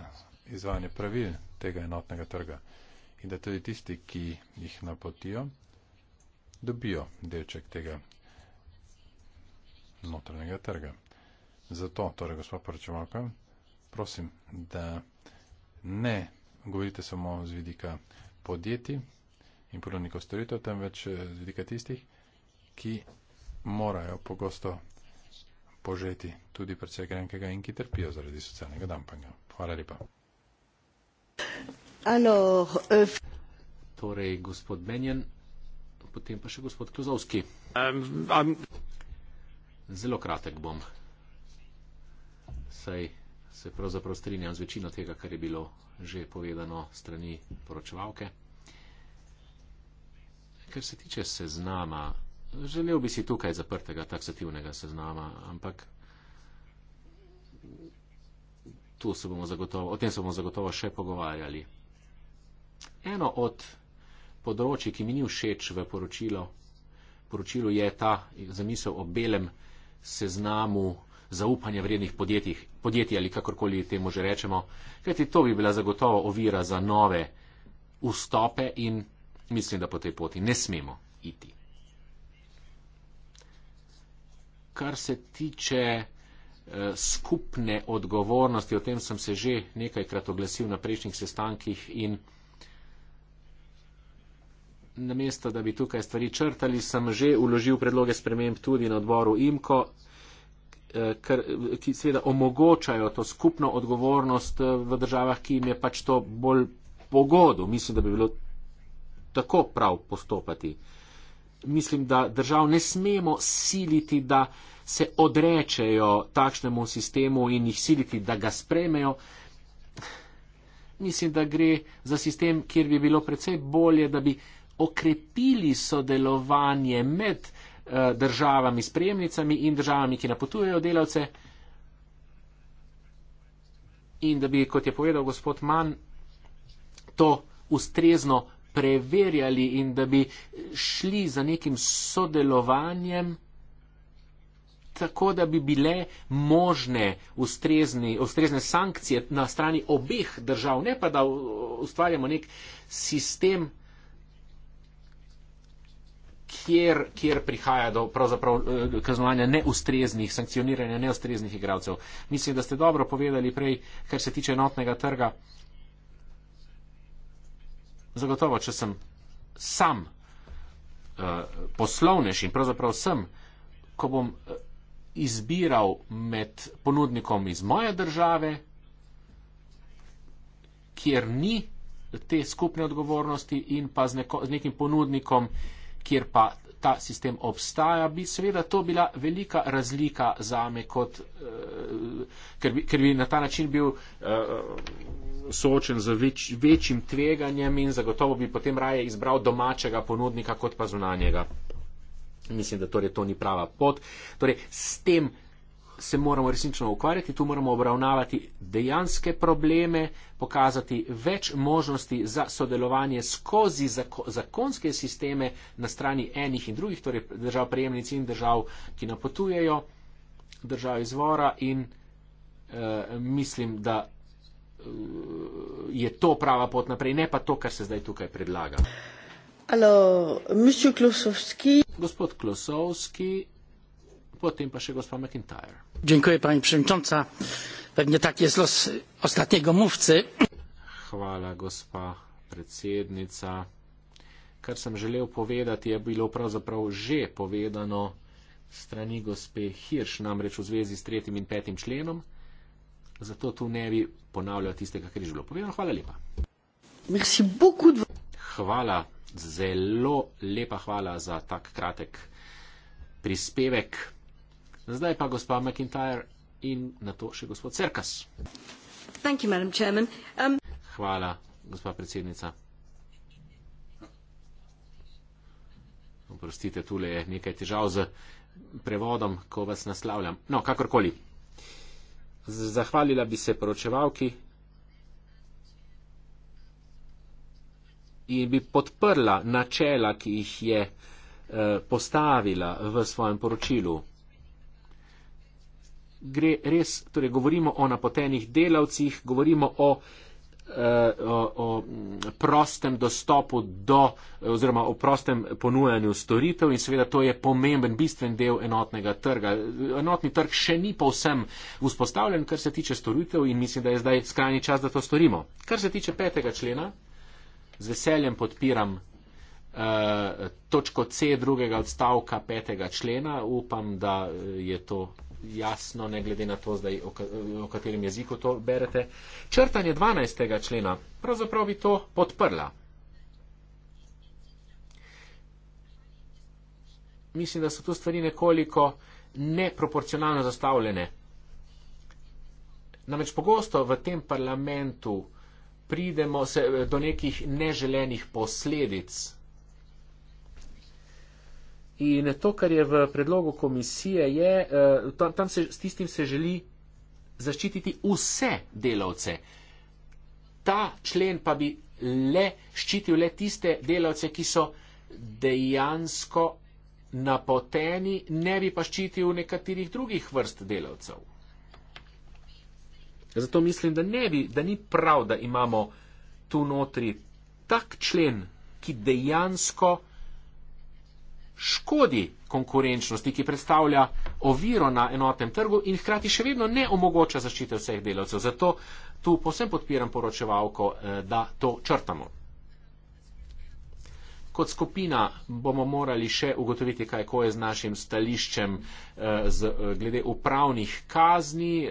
izvajanje pravil tega enotnega trga in da tudi tisti, ki jih napotijo, dobijo delček tega notranjega trga. Zato, torej, gospod poročevalka, prosim, da ne govorite samo z vidika podjetij in ponovnikov storitev, temveč eh, z vidika tistih, ki morajo pogosto požeti tudi predvsej grenkega in ki trpijo zaradi socialnega dampanja. Hvala lepa. Alors, uh... Torej, gospod Benjen, potem pa še gospod Kluzovski. Um, um... Zelo kratek bom. Saj. Say se pravzaprav strinjam z večino tega, kar je bilo že povedano strani poročevalke. Ker se tiče seznama, želel bi si tukaj zaprtega taksativnega seznama, ampak se o tem se bomo zagotovo še pogovarjali. Eno od področji, ki mi ni všeč v poročilu, poročilu je ta zamisel o belem seznamu, zaupanja vrednih podjetij, podjetij ali kakorkoli temu že rečemo, kajti to bi bila zagotovo ovira za nove vstope in mislim, da po tej poti ne smemo iti. Kar se tiče eh, skupne odgovornosti, o tem sem se že nekajkrat oglasil na prejšnjih sestankih in namesto, da bi tukaj stvari črtali, sem že uložil predloge sprememb tudi na odboru IMKO Eh, kar, ki seveda omogočajo to skupno odgovornost eh, v državah, ki jim je pač to bolj pogodo. Mislim, da bi bilo tako prav postopati. Mislim, da držav ne smemo siliti, da se odrečejo takšnemu sistemu in jih siliti, da ga spremejo. Mislim, da gre za sistem, kjer bi bilo predvsej bolje, da bi okrepili sodelovanje med Eh, državami spremnicami in državami, ki napotujejo delavce. In da bi, kot je povedal gospod Mann, to ustrezno preverjali in da bi šli za nekim sodelovanjem, tako da bi bile možne ustrezni, ustrezne sankcije na strani obeh držav, ne pa da ustvarjamo nek sistem, kjer, kjer prihaja do eh, kaznovanja neustreznih, sankcioniranja neustreznih igralcev. Mislim, da ste dobro povedali prej, kar se tiče enotnega trga. Zagotovo, če sem sam uh, poslovnež in pravzaprav sem, ko bom eh, izbiral med ponudnikom iz moje države, kjer ni te skupne odgovornosti in pa z, neko, z nekim ponudnikom, kjer pa ta sistem obstaja, bi seveda to bila velika razlika za me, kot, eh, ker, bi, ker bi na ta način bil eh, soočen z več, večjim tveganjem in zagotovo bi potem raje izbral domačega ponudnika kot pa zunanjega. Mislim, da torej to ni prava pot. Torej, s tem se moramo resnično ukvarjati, tu moramo obravnavati dejanske probleme, pokazati več možnosti za sodelovanje skozi zakonske sisteme na strani enih in drugih, torej držav prejemnic in držav, ki napotujejo, držav izvora in eh, mislim, da eh, je to prava pot naprej, ne pa to, kar se zdaj tukaj predlaga. Alo, gospod Klosovski. Gospod Klosovski potem pa še gospa McIntyre. Dziękuję pani przewodnicząca. Pewnie tak jest los ostatniego mówcy. Hvala gospa predsednica. Kar sem želel povedati, je bilo pravzaprav že povedano strani gospe Hirš, namreč v zvezi s tretjim in petim členom. Zato tu ne bi ponavljal tistega, kar je že bilo povedano. Hvala lepa. Hvala, zelo lepa hvala za tak kratek prispevek. Zdaj pa gospa McIntyre in na to še gospod Cerkas. You, um, Hvala, gospa predsednica. Oprostite, tule je nekaj težav z prevodom, ko vas naslavljam. No, kakorkoli. Zahvalila bi se poročevalki in bi podprla načela, ki jih je eh, postavila v svojem poročilu gre res, torej govorimo o napotenih delavcih, govorimo o, eh, o, o mm, prostem dostopu do oziroma o prostem ponujanju storitev in seveda to je pomemben, bistven del enotnega trga. Enotni trg še ni povsem vzpostavljen, kar se tiče storitev in mislim, da je zdaj skrajni čas, da to storimo. Kar se tiče petega člena, z veseljem podpiram eh, točko C drugega odstavka petega člena. Upam, da eh, je to jasno, ne glede na to, zdaj, o, o katerem jeziku to berete. Črtanje 12. člena pravzaprav bi to podprla. Mislim, da so tu stvari nekoliko neproporcionalno zastavljene. Namreč pogosto v tem parlamentu pridemo se do nekih neželenih posledic In to, kar je v predlogu komisije, je, eh, tam, tam se s tistim se želi zaščititi vse delavce. Ta člen pa bi le ščitil le tiste delavce, ki so dejansko napoteni, ne bi pa ščitil nekaterih drugih vrst delavcev. Zato mislim, da, bi, da ni prav, da imamo tu notri tak člen, ki dejansko škodi konkurenčnosti, ki predstavlja oviro na enotnem trgu in hkrati še vedno ne omogoča zaščite vseh delavcev. Zato tu posem podpiram poročevalko, eh, da to črtamo. Kot skupina bomo morali še ugotoviti, kaj je z našim stališčem eh, z, eh, glede upravnih kazni,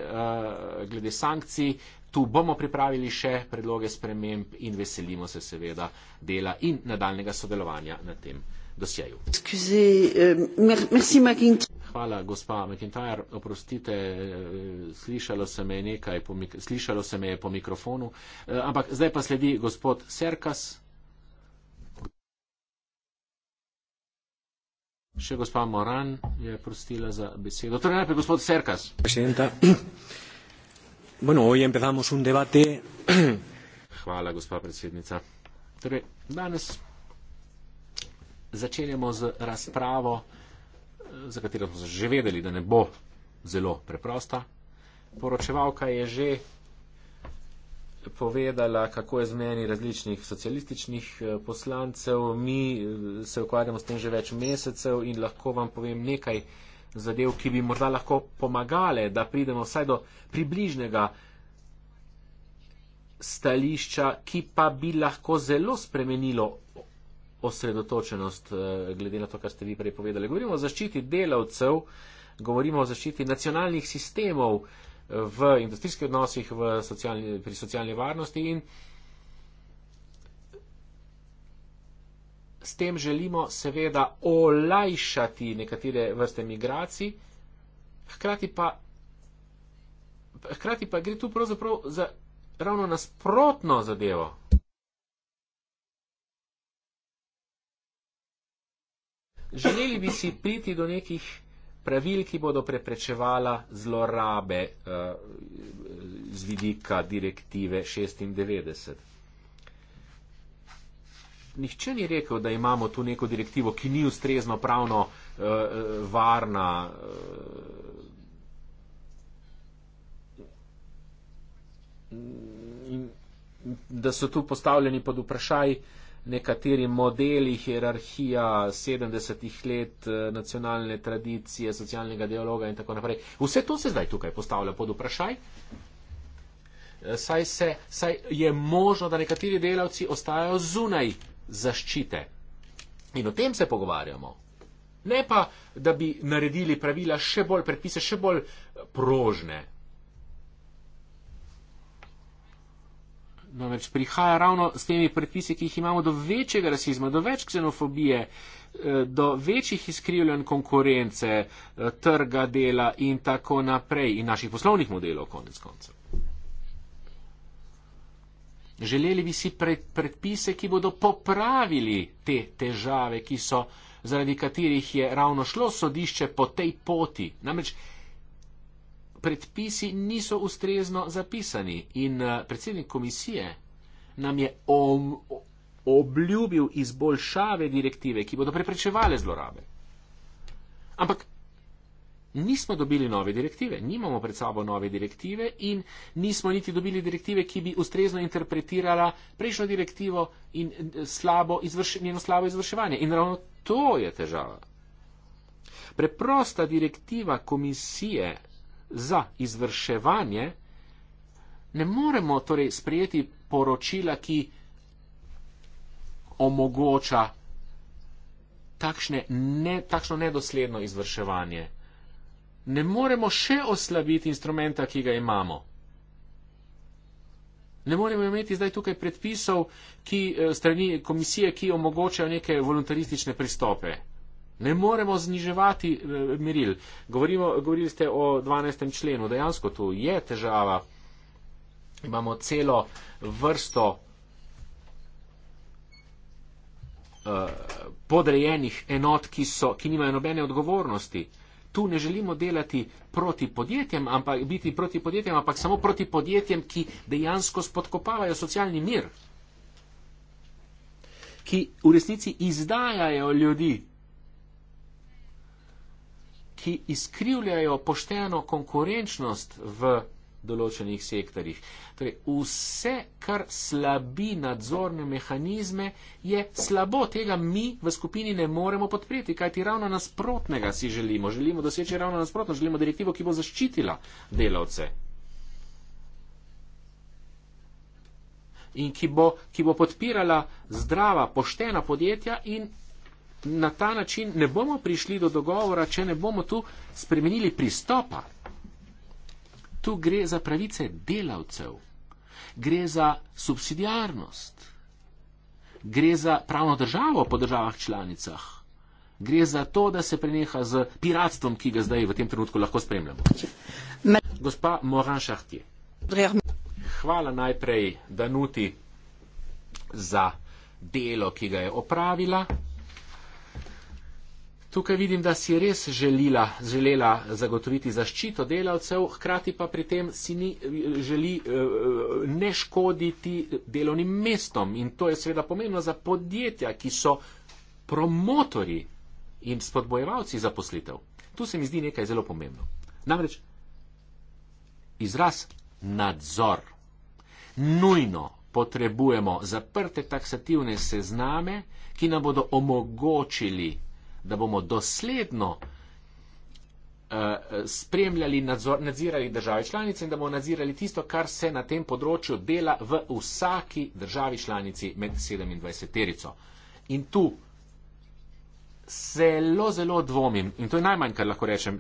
glede sankcij. Tu bomo pripravili še predloge sprememb in veselimo se seveda dela in nadaljnega sodelovanja na tem dosjeju. Eh, Hvala, gospa McIntyre. Oprostite, eh, slišalo se me, nekaj, slišalo se me je po mikrofonu. Eh, ampak zdaj pa sledi gospod Serkas. Še gospa Moran je prostila za besedo. Torej najprej gospod Serkas. Bueno, Hvala, gospa predsednica. Torej, danes začenjamo z razpravo, za katero smo že vedeli, da ne bo zelo preprosta. Poročevalka je že povedala, kako je z meni različnih socialističnih eh, poslancev. Mi eh, se ukvarjamo s tem že več mesecev in lahko vam povem nekaj zadev, ki bi morda lahko pomagale, da pridemo vsaj do približnega stališča, ki pa bi lahko zelo spremenilo osredotočenost, eh, glede na to, kar ste vi prej povedali. Govorimo o zaščiti delavcev, govorimo o zaščiti nacionalnih sistemov eh, v industrijskih odnosih, v socialni, pri socialni varnosti in s tem želimo seveda olajšati nekatere vrste migracij, hkrati pa. Hkrati pa gre tu pravzaprav za ravno nasprotno zadevo. Želeli bi si priti do nekih pravil, ki bodo preprečevala zlorabe uh, z vidika direktive 96. Nihče ni rekel, da imamo tu neko direktivo, ki ni ustrezno pravno uh, varna. Uh, in, da so tu postavljeni pod vprašaj uh, nekateri modeli, hierarhija 70-ih let, eh, nacionalne tradicije, socialnega dialoga in tako naprej. Vse to se zdaj tukaj postavlja pod vprašaj. Eh, saj, se, saj je možno, da nekateri delavci ostajajo zunaj zaščite. In o tem se pogovarjamo. Ne pa, da bi naredili pravila še bolj, predpise še bolj eh, prožne, Namreč prihaja ravno s temi predpisi, ki jih imamo, do večjega rasizma, do več ksenofobije, eh, do večjih izkrivljen konkurence, eh, trga dela in tako naprej in naših poslovnih modelov, konec koncev. Želeli bi si pred, predpise, ki bodo popravili te težave, ki so zaradi katerih je ravno šlo sodišče po tej poti. Namreč predpisi niso ustrezno zapisani in eh, predsednik komisije nam je om, obljubil izboljšave direktive, ki bodo preprečevale zlorabe. Ampak nismo dobili nove direktive, nimamo pred sabo nove direktive in nismo niti dobili direktive, ki bi ustrezno interpretirala prejšnjo direktivo in eh, slabo njeno slabo izvrševanje. In ravno to je težava. Preprosta direktiva komisije za izvrševanje, ne moremo torej sprejeti poročila, ki omogoča takšne, ne, takšno nedosledno izvrševanje. Ne moremo še oslabiti instrumenta, ki ga imamo. Ne moremo imeti zdaj tukaj predpisov, ki eh, strani komisije, ki omogočajo neke voluntaristične pristope. Ne moremo zniževati eh, miril. Govorimo, govorili ste o 12. členu. Dejansko tu je težava. Imamo celo vrsto uh, podrejenih enot, ki, so, ki nimajo nobene odgovornosti. Tu ne želimo delati proti podjetjem, ampak biti proti podjetjem, ampak samo proti podjetjem, ki dejansko spodkopavajo socialni mir, ki v resnici izdajajo ljudi ki izkrivljajo pošteno konkurenčnost v določenih sektorjih. Torej, vse, kar slabi nadzorne mehanizme, je slabo. Tega mi v skupini ne moremo podpreti, kajti ravno nasprotnega si želimo. Želimo doseči ravno nasprotno. Želimo direktivo, ki bo zaščitila delavce. In ki bo, ki bo podpirala zdrava, poštena podjetja in na ta način ne bomo prišli do dogovora, če ne bomo tu spremenili pristopa. Tu gre za pravice delavcev, gre za subsidijarnost, gre za pravno državo po državah članicah, gre za to, da se preneha z piratstvom, ki ga zdaj v tem trenutku lahko spremljamo. Gospa Moran Šahti. Hvala najprej Danuti za delo, ki ga je opravila. Tukaj vidim, da si res želila, želela zagotoviti zaščito delavcev, hkrati pa pri tem si ni, želi eh, eh, ne škoditi delovnim mestom. In to je seveda pomembno za podjetja, ki so promotori in spodbojevalci zaposlitev. Tu se mi zdi nekaj zelo pomembno. Namreč izraz nadzor. Nujno potrebujemo zaprte taksativne sezname, ki nam bodo omogočili da bomo dosledno eh, eh, spremljali, nadzor, nadzirali države članice in da bomo nadzirali tisto, kar se na tem področju dela v vsaki državi članici med 27-terico. In tu zelo, zelo dvomim, in to je najmanj, kar lahko rečem,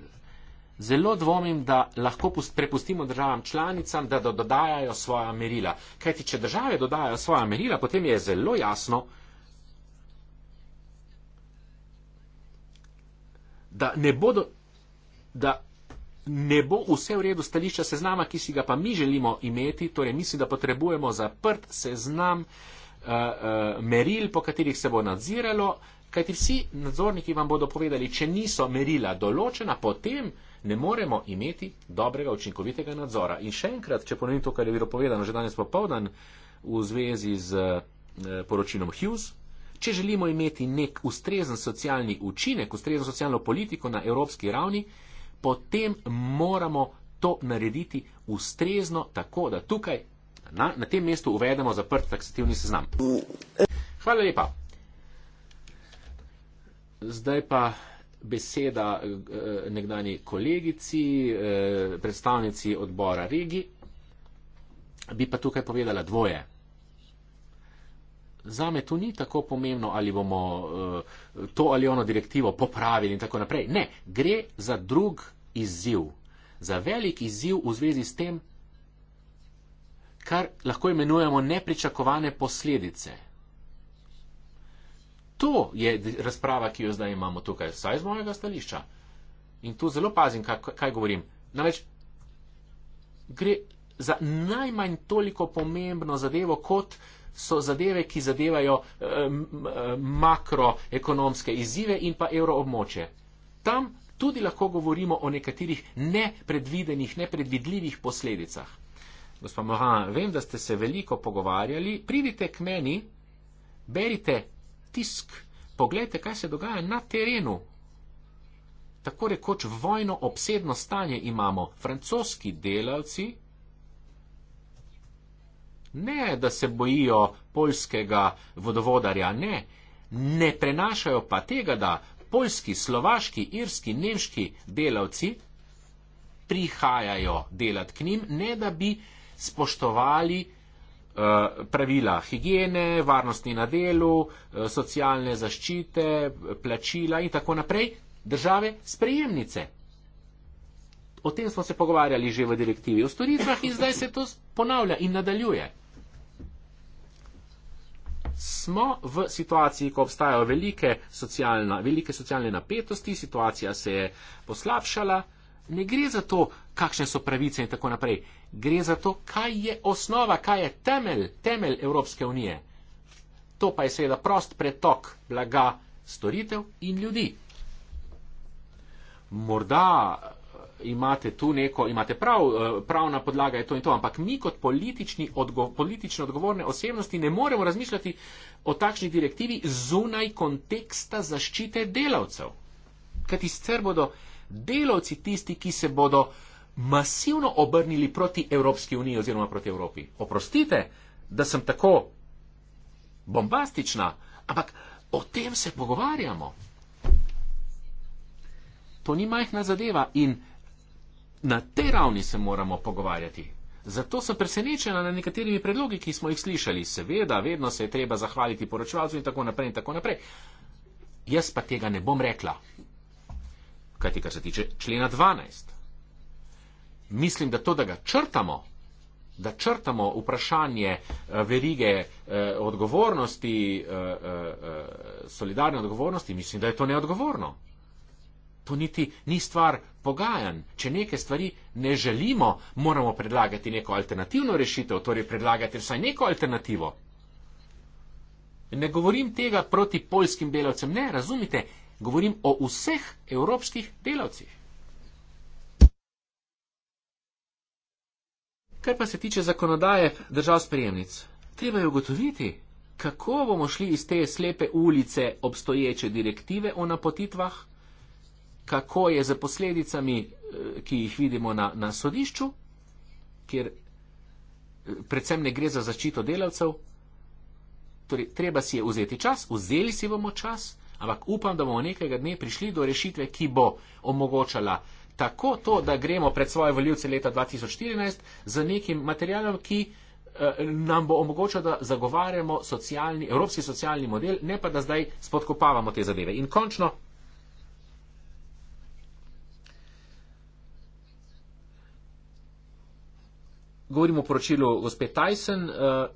zelo dvomim, da lahko prepustimo državam članicam, da dodajajo svoja merila. Kajti, če države dodajajo svoja merila, potem je zelo jasno, da ne, bodo, da ne bo vse v redu stališča seznama, ki si ga pa mi želimo imeti, torej mislim, da potrebujemo zaprt seznam uh, uh, meril, po katerih se bo nadziralo, kajti vsi nadzorniki vam bodo povedali, če niso merila določena, potem ne moremo imeti dobrega, učinkovitega nadzora. In še enkrat, če ponovim to, kar je bilo povedano že danes popovdan v zvezi z uh, poročilom Hughes, Če želimo imeti nek ustrezen socialni učinek, ustrezen socialno politiko na evropski ravni, potem moramo to narediti ustrezno, tako da tukaj na, na tem mestu uvedemo zaprt taksativni seznam. Hvala lepa. Zdaj pa beseda eh, nekdani kolegici, eh, predstavnici odbora Regi. Bi pa tukaj povedala dvoje. Za me to ni tako pomembno, ali bomo uh, to ali ono direktivo popravili in tako naprej. Ne, gre za drug izziv, za velik izziv v zvezi s tem, kar lahko imenujemo nepričakovane posledice. To je razprava, ki jo zdaj imamo tukaj, vsaj z mojega stališča. In tu zelo pazim, kaj, kaj govorim. Namreč gre za najmanj toliko pomembno zadevo kot so zadeve, ki zadevajo makroekonomske izzive in pa evroobmoče. Tam tudi lahko govorimo o nekaterih nepredvidenih, nepredvidljivih posledicah. Gospa Mohan, vem, da ste se veliko pogovarjali. Pridite k meni, berite tisk, pogledajte, kaj se dogaja na terenu. Tako rekoč vojno obsedno stanje imamo. Francoski delavci ne da se bojijo polskega vodovodarja, ne, ne prenašajo pa tega, da polski, slovaški, irski, nemški delavci prihajajo delat k njim, ne da bi spoštovali uh, pravila higiene, varnosti na delu, uh, socialne zaščite, plačila in tako naprej, države sprejemnice. O tem smo se pogovarjali že v direktivi o storitvah in zdaj se to ponavlja in nadaljuje smo v situaciji, ko obstajajo velike, socialna, velike socialne napetosti, situacija se je poslabšala. Ne gre za to, kakšne so pravice in tako naprej. Gre za to, kaj je osnova, kaj je temelj, temelj Evropske unije. To pa je seveda prost pretok blaga, storitev in ljudi. Morda imate tu neko, imate prav, eh, pravna podlaga je to in to, ampak mi kot odgo, politično odgovorne osebnosti ne moremo razmišljati o takšni direktivi zunaj konteksta zaščite delavcev. Ker ti sicer bodo delavci tisti, ki se bodo masivno obrnili proti Evropski uniji oziroma proti Evropi. Oprostite, da sem tako bombastična, ampak o tem se pogovarjamo. To ni majhna zadeva in na tej ravni se moramo pogovarjati. Zato sem presenečena na nekaterimi predlogi, ki smo jih slišali. Seveda, vedno se je treba zahvaliti poročevalcu in tako naprej in tako naprej. Jaz pa tega ne bom rekla. Kaj ti, kar se tiče člena 12. Mislim, da to, da ga črtamo, da črtamo vprašanje eh, verige eh, odgovornosti, eh, solidarne odgovornosti, mislim, da je to neodgovorno. To niti ni stvar pogajanj. Če neke stvari ne želimo, moramo predlagati neko alternativno rešitev, torej predlagati vsaj neko alternativo. Ne govorim tega proti polskim delavcem, ne, razumite, govorim o vseh evropskih delavcih. Kar pa se tiče zakonodaje držav sprejemnic, treba je ugotoviti, kako bomo šli iz te slepe ulice obstoječe direktive o napotitvah kako je z posledicami, eh, ki jih vidimo na, na sodišču, kjer eh, predvsem ne gre za zaščito delavcev. Torej, treba si je vzeti čas, vzeli si bomo čas, ampak upam, da bomo nekega dne prišli do rešitve, ki bo omogočala tako to, da gremo pred svoje voljivce leta 2014 z nekim materialom, ki eh, nam bo omogočal, da zagovarjamo socialni, evropski socialni model, ne pa da zdaj spodkopavamo te zadeve. In končno, govorimo o poročilu gospe Tyson. Eh,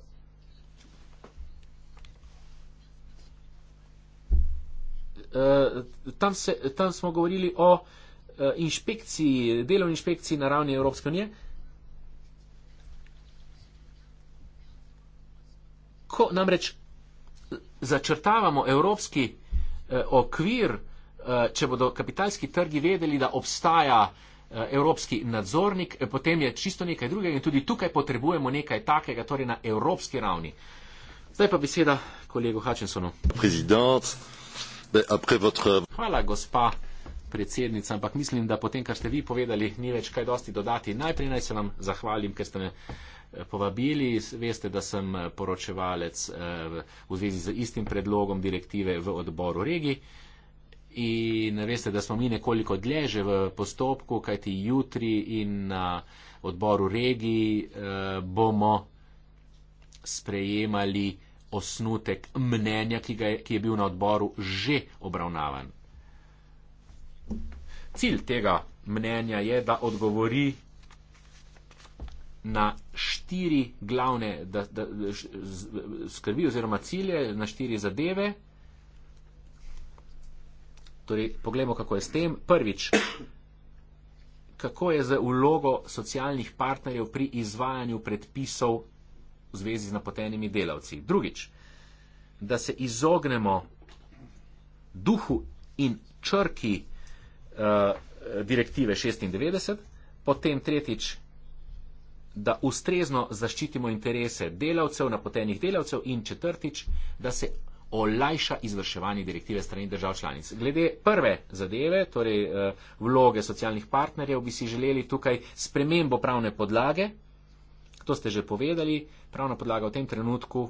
eh, tam, se, tam smo govorili o eh, inšpekciji, delovni inšpekciji na ravni Evropske unije. Ko namreč začrtavamo evropski okvir, če bodo kapitalski trgi vedeli, da obstaja Eh, evropski nadzornik, eh, potem je čisto nekaj drugega in tudi tukaj potrebujemo nekaj takega, torej na evropski ravni. Zdaj pa beseda kolegu Hutchinsonu. Hvala, gospa predsednica, ampak mislim, da potem, kar ste vi povedali, ni več kaj dosti dodati. Najprej naj se vam zahvalim, ker ste me eh, povabili. Veste, da sem poročevalec v zvezi z istim predlogom direktive v odboru regij. In veste, da smo mi nekoliko dlje že v postopku, kajti jutri in na odboru regiji eh, bomo sprejemali osnutek mnenja, ki, ga, ki je bil na odboru že obravnavan. Cilj tega mnenja je, da odgovori na štiri glavne da, da, š, z, skrbi oziroma cilje, na štiri zadeve. Torej, poglejmo, kako je s tem. Prvič, kako je z ulogo socialnih partnerjev pri izvajanju predpisov v zvezi z napotenimi delavci. Drugič, da se izognemo duhu in črki uh, direktive 96, potem tretjič, da ustrezno zaščitimo interese delavcev, napotenih delavcev in četrtič, da se olajša izvrševanje direktive strani držav članic. Glede prve zadeve, torej eh, vloge socialnih partnerjev, bi si želeli tukaj spremembo pravne podlage. To ste že povedali, pravna podlaga v tem trenutku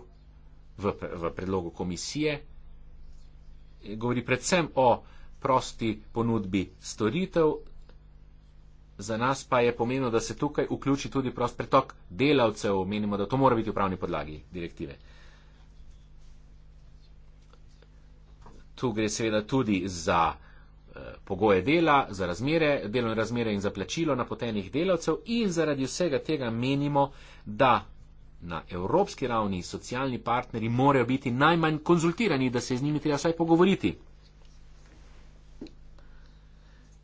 v, v predlogu komisije eh, govori predvsem o prosti ponudbi storitev. Za nas pa je pomembno, da se tukaj vključi tudi prost pretok delavcev. Menimo, da to mora biti v pravni podlagi direktive. Tu gre seveda tudi za eh, pogoje dela, za razmere, delovne razmere in za plačilo napotenih delavcev in zaradi vsega tega menimo, da na evropski ravni socialni partneri morajo biti najmanj konzultirani, da se z njimi treba vsaj pogovoriti.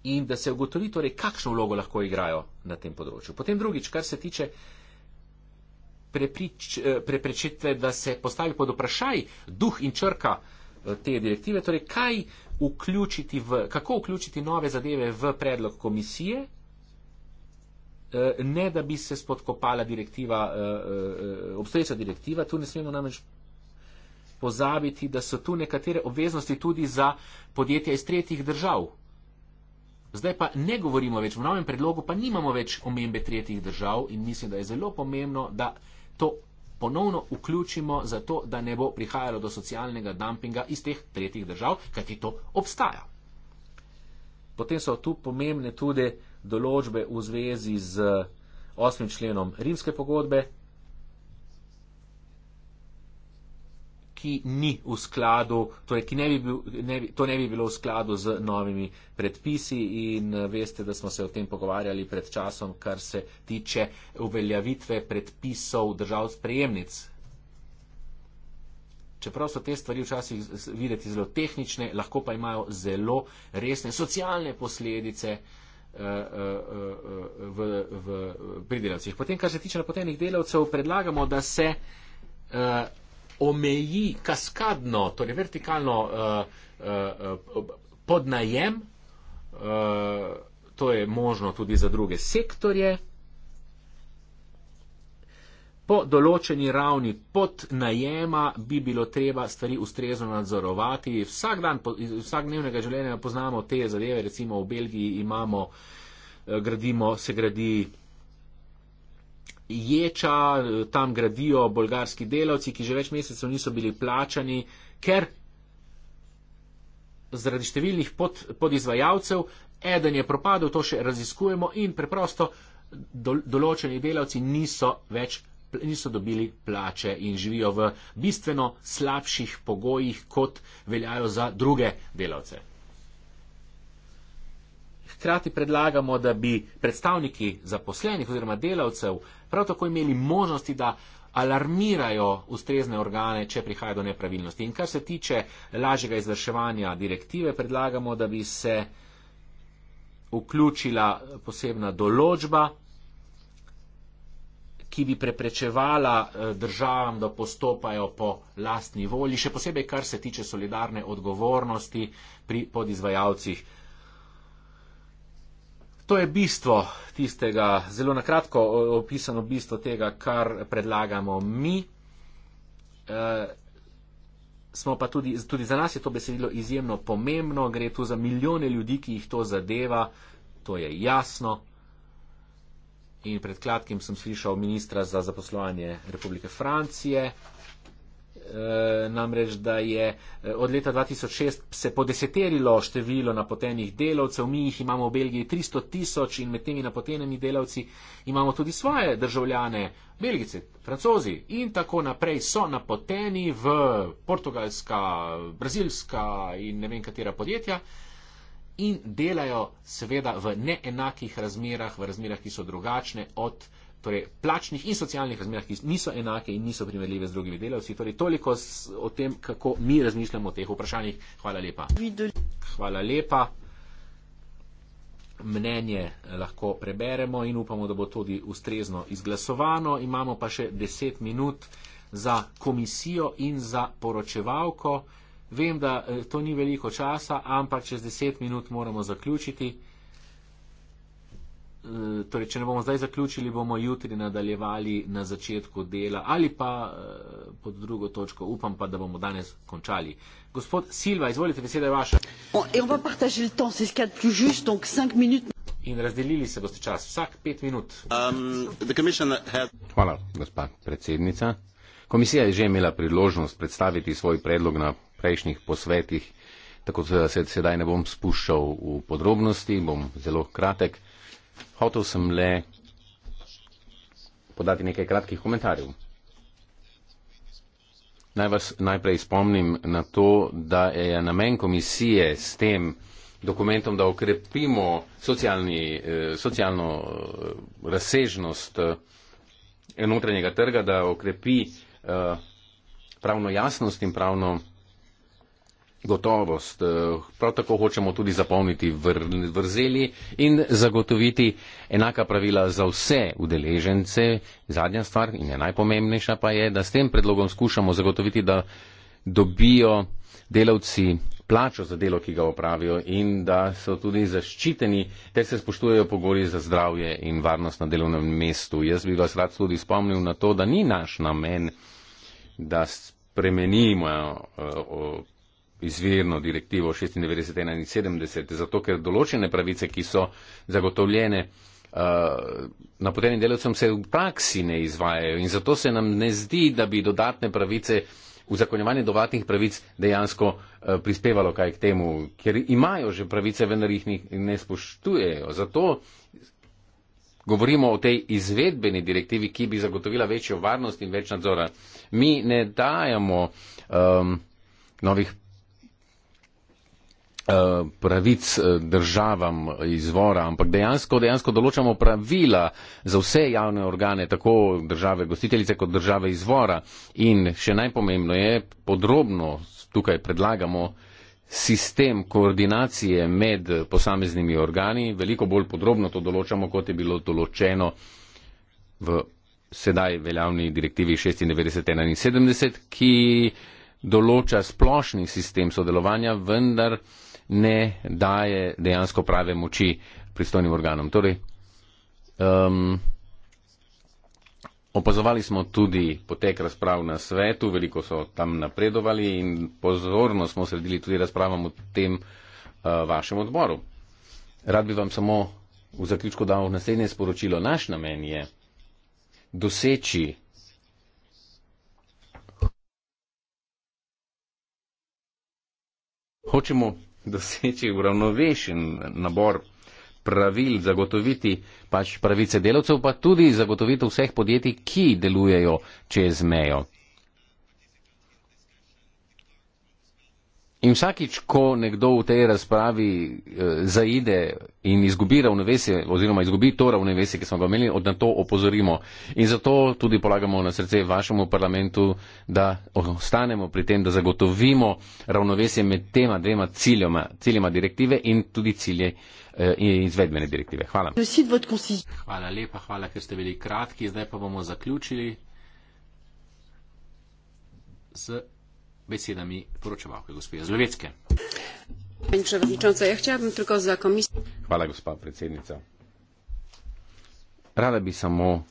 In da se ugotovi torej, kakšno vlogo lahko igrajo na tem področju. Potem drugič, kar se tiče preprič, eh, preprečitve, da se postavi pod vprašaj duh in črka Eh, te direktive, torej kaj vključiti v, kako vključiti nove zadeve v predlog komisije, eh, ne da bi se spodkopala direktiva, eh, obstoječa direktiva, tu ne smemo namreč pozabiti, da so tu nekatere obveznosti tudi za podjetja iz tretjih držav. Zdaj pa ne govorimo več, v novem predlogu pa nimamo več omembe tretjih držav in mislim, da je zelo pomembno, da to ponovno vključimo, zato da ne bo prihajalo do socialnega dumpinga iz teh tretjih držav, kajti to obstaja. Potem so tu pomembne tudi določbe v zvezi z osmim členom rimske pogodbe, ki ni v skladu, torej, ki ne bi bil, ne bi, to ne bi bilo v skladu z novimi predpisi in eh, veste, da smo se o tem pogovarjali pred časom, kar se tiče uveljavitve predpisov držav sprejemnic. Čeprav so te stvari včasih videti zelo tehnične, lahko pa imajo zelo resne socialne posledice v, eh, eh, v, v pridelavcih. Potem, kar se tiče napotenih delavcev, predlagamo, da se omeji kaskadno, torej vertikalno uh, uh, uh, podnajem, uh, to je možno tudi za druge sektorje, po določeni ravni podnajema bi bilo treba stvari ustrezno nadzorovati. Vsak dan, vsak dnevnega življenja poznamo te zadeve, recimo v Belgiji imamo, gradimo, se gradi ječa, tam gradijo bolgarski delavci, ki že več mesecev niso bili plačani, ker zaradi številnih pod, podizvajalcev, eden je propadel, to še raziskujemo in preprosto določeni delavci niso več niso dobili plače in živijo v bistveno slabših pogojih, kot veljajo za druge delavce. Hkrati predlagamo, da bi predstavniki zaposlenih oziroma delavcev prav tako imeli možnosti, da alarmirajo ustrezne organe, če prihaja do nepravilnosti. In kar se tiče lažjega izvrševanja direktive, predlagamo, da bi se vključila posebna določba, ki bi preprečevala eh, državam, da postopajo po lastni volji, še posebej kar se tiče solidarne odgovornosti pri podizvajalcih To je bistvo tistega, zelo na kratko opisano bistvo tega, kar predlagamo mi. E, smo pa tudi, tudi za nas je to besedilo izjemno pomembno, gre tu za milijone ljudi, ki jih to zadeva, to je jasno. In pred kratkim sem slišal ministra za zaposlovanje Republike Francije, Eh, namreč, da je eh, od leta 2006 se podeseterilo število napotenih delavcev, mi jih imamo v Belgiji 300 tisoč in med temi napotenimi delavci imamo tudi svoje državljane, Belgice, Francozi in tako naprej so napoteni v portugalska, brazilska in ne vem katera podjetja. In delajo seveda v neenakih razmerah, v razmerah, ki so drugačne od uh, torej plačnih in socialnih razmerah, ki niso enake in niso primerljive z drugimi delavci. Torej, toliko o tem, kako mi razmišljamo o teh vprašanjih. Hvala lepa. Hvala lepa. Mnenje lahko preberemo in upamo, da bo tudi ustrezno izglasovano. Imamo pa še deset minut za komisijo in za poročevalko. Vem, da eh, to ni veliko časa, ampak čez deset minut moramo zaključiti. Eh, torej, če ne bomo zdaj zaključili, bomo jutri nadaljevali na začetku dela ali pa eh, pod drugo točko. Upam pa, da bomo danes končali. Gospod Silva, izvolite, beseda je vaša. In razdelili se boste čas, vsak pet minut. Um, had... Hvala, gospa predsednica. Komisija je že imela priložnost predstaviti svoj predlog na prejšnjih posvetih, tako da se sedaj ne bom spuščal v podrobnosti, bom zelo kratek hotel sem le podati nekaj kratkih komentarjev. Naj vas najprej spomnim na to, da je namen komisije s tem dokumentom, da okrepimo socialni, eh, socialno eh, razsežnost eh, notranjega trga, da okrepi pravno jasnost in pravno gotovost. Eh, prav tako hočemo tudi zapolniti vr vrzeli in zagotoviti enaka pravila za vse udeležence. Zadnja stvar in je najpomembnejša pa je, da s tem predlogom skušamo zagotoviti, da dobijo delavci plačo za delo, ki ga opravijo in da so tudi zaščiteni, ter se spoštujejo pogoji za zdravje in varnost na delovnem mestu. Jaz bi vas rad tudi spomnil na to, da ni naš namen, da spremenimo uh, uh, izvirno direktivo 96-71, zato ker določene pravice, ki so zagotovljene uh, napotenim delavcem, se v praksi ne izvajajo in zato se nam ne zdi, da bi dodatne pravice, uzakonjevanje dodatnih pravic dejansko uh, prispevalo kaj k temu, ker imajo že pravice, vendar jih ne spoštujejo. Zato Govorimo o tej izvedbeni direktivi, ki bi zagotovila večjo varnost in več nadzora. Mi ne dajemo um, novih Eh, pravic eh, državam izvora, ampak dejansko, dejansko določamo pravila za vse javne organe, tako države gostiteljice kot države izvora. In še najpomembno je, podrobno tukaj predlagamo sistem koordinacije med posameznimi organi, veliko bolj podrobno to določamo, kot je bilo določeno v sedaj veljavni direktivi 96.71, ki določa splošni sistem sodelovanja, vendar ne daje dejansko prave moči pristojnim organom. Torej, um, opazovali smo tudi potek razprav na svetu, veliko so tam napredovali in pozorno smo sredili tudi razpravam v tem uh, vašem odboru. Rad bi vam samo v zaključku dal naslednje sporočilo. Naš namen je doseči Hočemo doseči uravnovešen nabor pravil, zagotoviti pač pravice delavcev, pa tudi zagotoviti vseh podjetij, ki delujejo čez mejo. In vsakič, ko nekdo v tej razpravi eh, zaide in izgubi ravnovesje, oziroma izgubi to ravnovesje, ki smo ga imeli, od na to opozorimo. In zato tudi polagamo na srce vašemu parlamentu, da ostanemo pri tem, da zagotovimo ravnovesje med tema dvema ciljoma, ciljima direktive in tudi cilje eh, izvedbene direktive. Hvala. Hvala lepa, hvala, ker ste bili kratki. Zdaj pa bomo zaključili. Z besedami poročevalke gospe Zlovecke. Ja Hvala, gospa predsednica. Rada bi samo uh,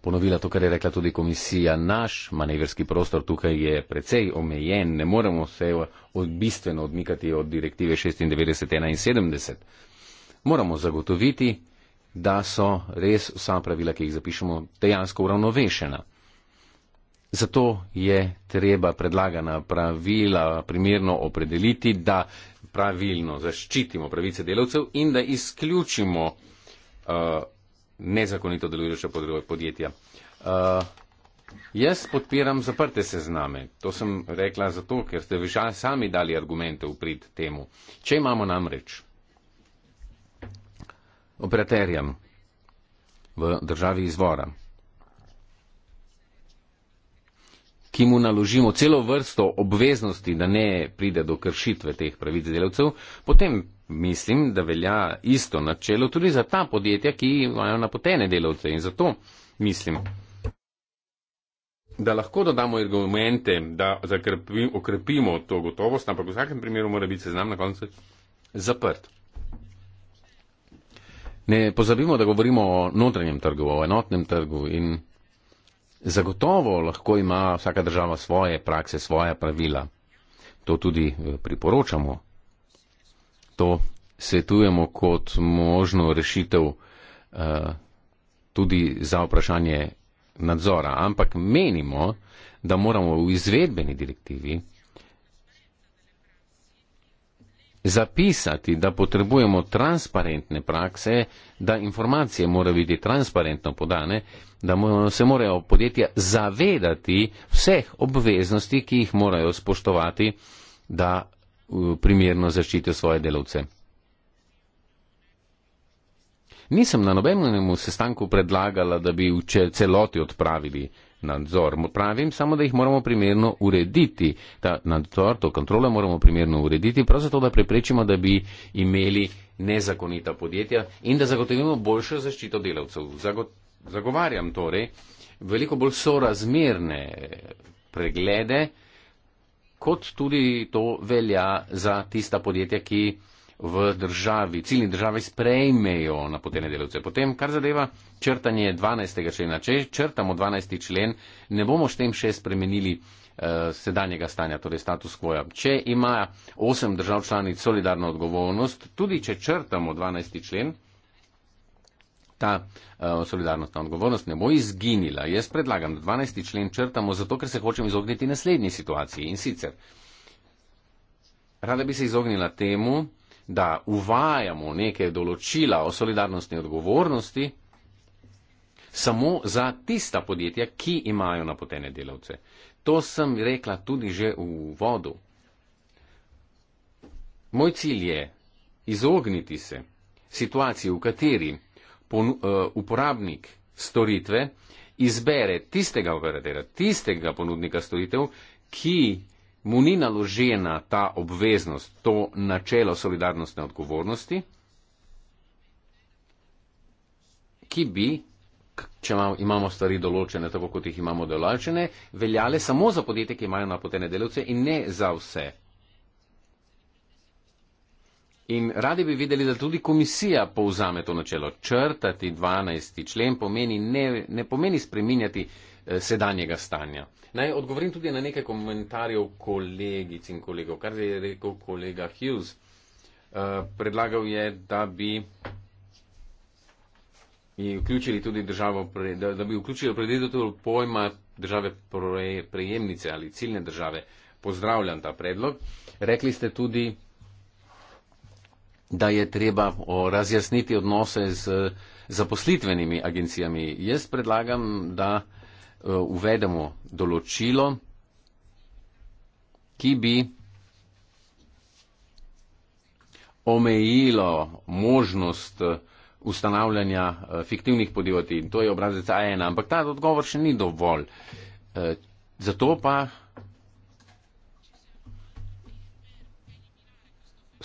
ponovila to, kar je rekla tudi komisija. Naš manevrski prostor tukaj je precej omejen. Ne moremo se bistveno odmikati od direktive 9671. Moramo zagotoviti, da so res vsa pravila, ki jih zapišemo, dejansko uravnovešena. Zato je treba predlagana pravila primerno opredeliti, da pravilno zaščitimo pravice delavcev in da izključimo uh, nezakonito delujoče podjetja. Uh, jaz podpiram zaprte sezname. To sem rekla zato, ker ste viša sami dali argumente v prid temu. Če imamo namreč operaterjem v državi izvora, ki mu naložimo celo vrsto obveznosti, da ne pride do kršitve teh pravic delavcev, potem mislim, da velja isto načelo tudi za ta podjetja, ki imajo napotene delavce. In zato mislim, da lahko dodamo argumente, da zakrpi, okrepimo to gotovost, ampak v vsakem primeru mora biti seznam na koncu zaprt. Ne pozabimo, da govorimo o notranjem trgu, o enotnem trgu in Zagotovo lahko ima vsaka država svoje prakse, svoje pravila. To tudi eh, priporočamo. To svetujemo kot možno rešitev eh, tudi za vprašanje nadzora. Ampak menimo, da moramo v izvedbeni direktivi zapisati, da potrebujemo transparentne prakse, da informacije morajo biti transparentno podane, da se morajo podjetja zavedati vseh obveznosti, ki jih morajo spoštovati, da primerno zaščite svoje delovce. Nisem na nobenem sestanku predlagala, da bi v celoti odpravili nadzor. Pravim samo, da jih moramo primerno urediti. Ta nadzor, to kontrolo moramo primerno urediti, prav zato, da preprečimo, da bi imeli nezakonita podjetja in da zagotovimo boljšo zaščito delavcev. Zago zagovarjam torej veliko bolj sorazmerne preglede, kot tudi to velja za tista podjetja, ki v državi, ciljni državi sprejmejo napotene delavce. Potem, kar zadeva črtanje 12. člena, če črtamo 12. člen, ne bomo s tem še spremenili uh, sedanjega stanja, torej status quo. Če ima 8 držav članic solidarno odgovornost, tudi če črtamo 12. člen, ta uh, solidarnostna odgovornost ne bo izginila. Jaz predlagam, da 12. člen črtamo zato, ker se hočem izogniti naslednji situaciji in sicer. Rada bi se izognila temu, da uvajamo neke določila o solidarnostni odgovornosti samo za tista podjetja, ki imajo napotene delavce. To sem rekla tudi že v vodu. Moj cilj je izogniti se situaciji, v kateri eh, uporabnik storitve izbere tistega operatera, tistega ponudnika storitev, ki mu ni naložena ta obveznost, to načelo solidarnostne odgovornosti, ki bi, če imamo stvari določene tako, kot jih imamo določene, veljale samo za podjetje, ki imajo napotene delovce in ne za vse. In radi bi videli, da tudi komisija povzame to načelo. Črtati 12. člen pomeni ne, ne pomeni spreminjati eh, sedanjega stanja. Naj odgovorim tudi na nekaj komentarjev kolegic in kolegov, kar je rekel kolega Hughes. Uh, predlagal je, da bi vključili tudi državo, da, da bi vključili predvidetelj pojma države pre, prejemnice ali ciljne države. Pozdravljam ta predlog. Rekli ste tudi, da je treba razjasniti odnose z zaposlitvenimi agencijami. Jaz predlagam, da uh, Eh, uvedemo določilo, ki bi omejilo možnost eh, ustanavljanja eh, fiktivnih podjetij. To je obrazec A1, ampak ta odgovor še ni dovolj. Zato pa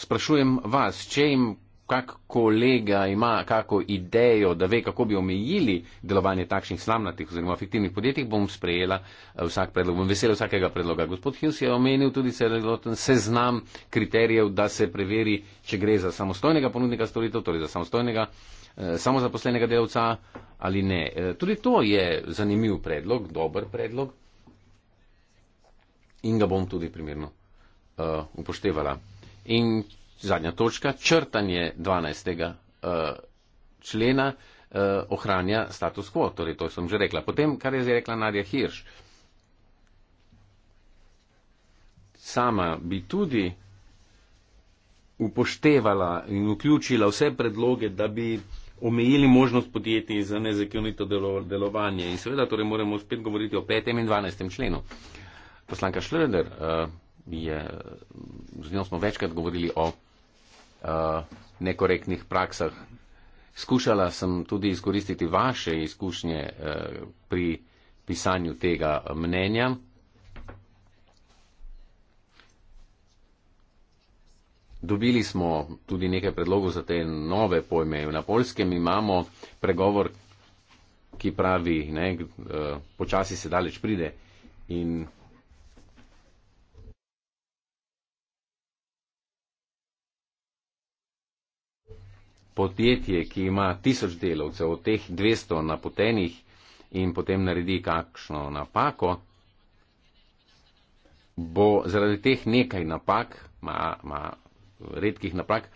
sprašujem vas, če jim kak kolega ima kako idejo, da ve, kako bi omejili delovanje takšnih slamnatih oziroma fiktivnih podjetij, bom sprejela eh, vsak predlog, bom vesela vsakega predloga. Gospod Hills je omenil tudi celoten seznam kriterijev, da se preveri, če gre za samostojnega ponudnika storitev, torej za samostojnega eh, samozaposlenega delavca ali ne. Eh, tudi to je zanimiv predlog, dober predlog in ga bom tudi primerno uh, upoštevala. In zadnja točka, črtanje 12. Uh, eh, člena uh, ohranja status quo. Torej, to sem že rekla. Potem, kar je zdaj rekla Nadja Hirš. Sama bi tudi upoštevala in vključila vse predloge, da bi omejili možnost podjetij za nezakonito delovanje. In seveda torej moramo spet govoriti o 5. in 12. členu. Poslanka Šleder uh, eh, je, z njo smo večkrat govorili o Uh, nekorektnih praksah. Skušala sem tudi izkoristiti vaše izkušnje uh, pri pisanju tega mnenja. Dobili smo tudi nekaj predlogov za te nove pojme. Na polskem imamo pregovor, ki pravi, ne, uh, počasi se daleč pride in podjetje, ki ima tisoč delovcev, od teh 200 napotenih in potem naredi kakšno napako, bo zaradi teh nekaj napak, ma, ma, redkih napak,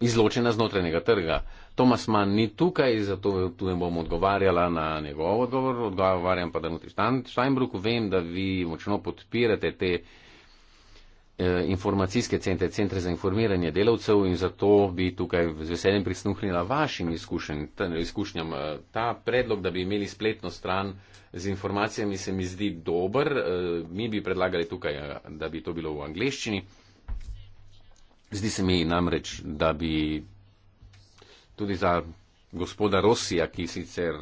izločena z notranjega trga. Tomas Mann ni tukaj, zato tu ne bom odgovarjala na njegov odgovor, odgovarjam pa Danuti Steinbrucku. Vem, da vi močno podpirate te uh, Eh, informacijske centre, centre za informiranje delavcev in zato bi tukaj z veseljem prisluhnila vašim izkušnjam. Eh, ta predlog, da bi imeli spletno stran z informacijami, se mi zdi dober. Eh, mi bi predlagali tukaj, da bi to bilo v angleščini. Zdi se mi namreč, da bi tudi za gospoda Rosija, ki sicer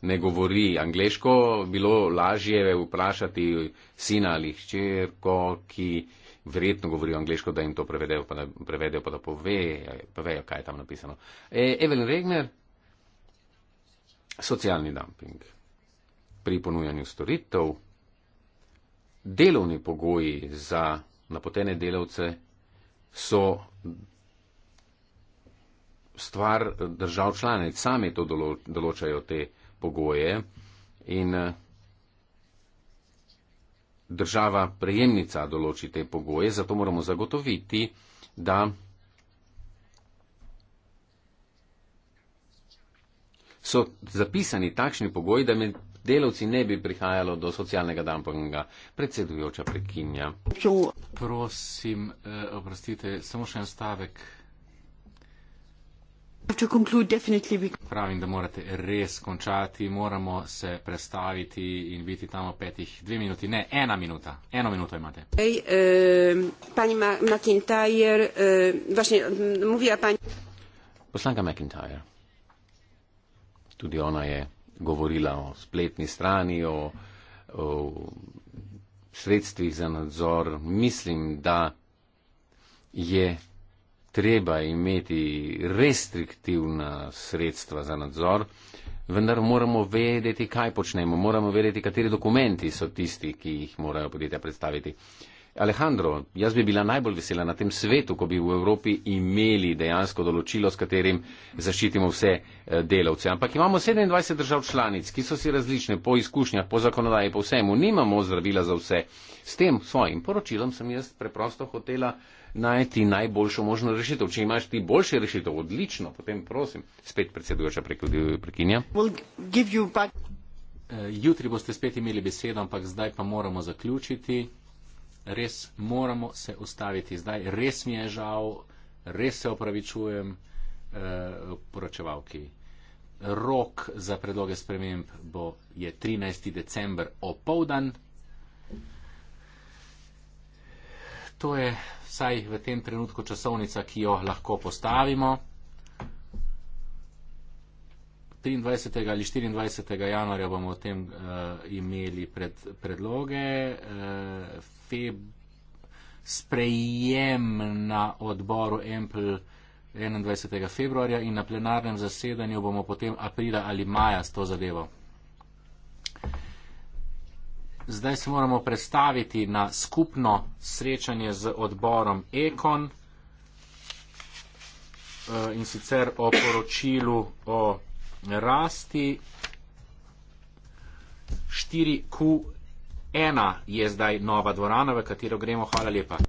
ne govori angliško, bilo lažje vprašati sina ali hčerko, ki verjetno govori angliško, da jim to prevedejo, pa da, prevedejo, pa da pove, povejo, kaj je tam napisano. E, Evelyn Regner, socialni dumping pri ponujanju storitev, delovni pogoji za napotene delavce so stvar držav članic, sami to določajo te pogoje in eh, država prejemnica določi te pogoje, zato moramo zagotoviti, da so zapisani takšni pogoji, da med delavci ne bi prihajalo do socialnega dampinga. Predsedujoča prekinja. Prosim, eh, oprostite, samo še en stavek. Pravim, da morate res končati, moramo se predstaviti in biti tam v petih, dve minuti, ne ena minuta, eno minuto imate. Hey, uh, Poslanka McIntyre, tudi ona je govorila o spletni strani, o, o sredstvih za nadzor. Mislim, da je treba imeti restriktivna sredstva za nadzor, vendar moramo vedeti, kaj počnemo, moramo vedeti, kateri dokumenti so tisti, ki jih morajo podjetja predstaviti. Alejandro, jaz bi bila najbolj vesela na tem svetu, ko bi v Evropi imeli dejansko določilo, s katerim zaščitimo vse eh, delavce. Ampak imamo 27 držav članic, ki so si različne po izkušnjah, po zakonodaji, po vsemu. Nimamo zdravila za vse. S tem svojim poročilom sem jaz preprosto hotela najti najboljšo možno rešitev. Če imaš ti boljše rešitev, odlično, potem prosim, spet predsedujoča prekinja. Eh, jutri boste spet imeli besedo, ampak zdaj pa moramo zaključiti. Res moramo se ustaviti zdaj. Res mi je žal, res se opravičujem eh, poročevalki. Rok za predloge sprememb bo, je 13. december opoldan. to je vsaj v tem trenutku časovnica, ki jo lahko postavimo. 23. ali 24. januarja bomo o tem uh, imeli pred, predloge. Uh, feb, sprejem na odboru Empl 21. februarja in na plenarnem zasedanju bomo potem aprila ali maja s to zadevo. Zdaj se moramo predstaviti na skupno srečanje z odborom Ekon eh, in sicer o poročilu o rasti. 4Q1 je zdaj nova dvorana, v katero gremo. Hvala lepa.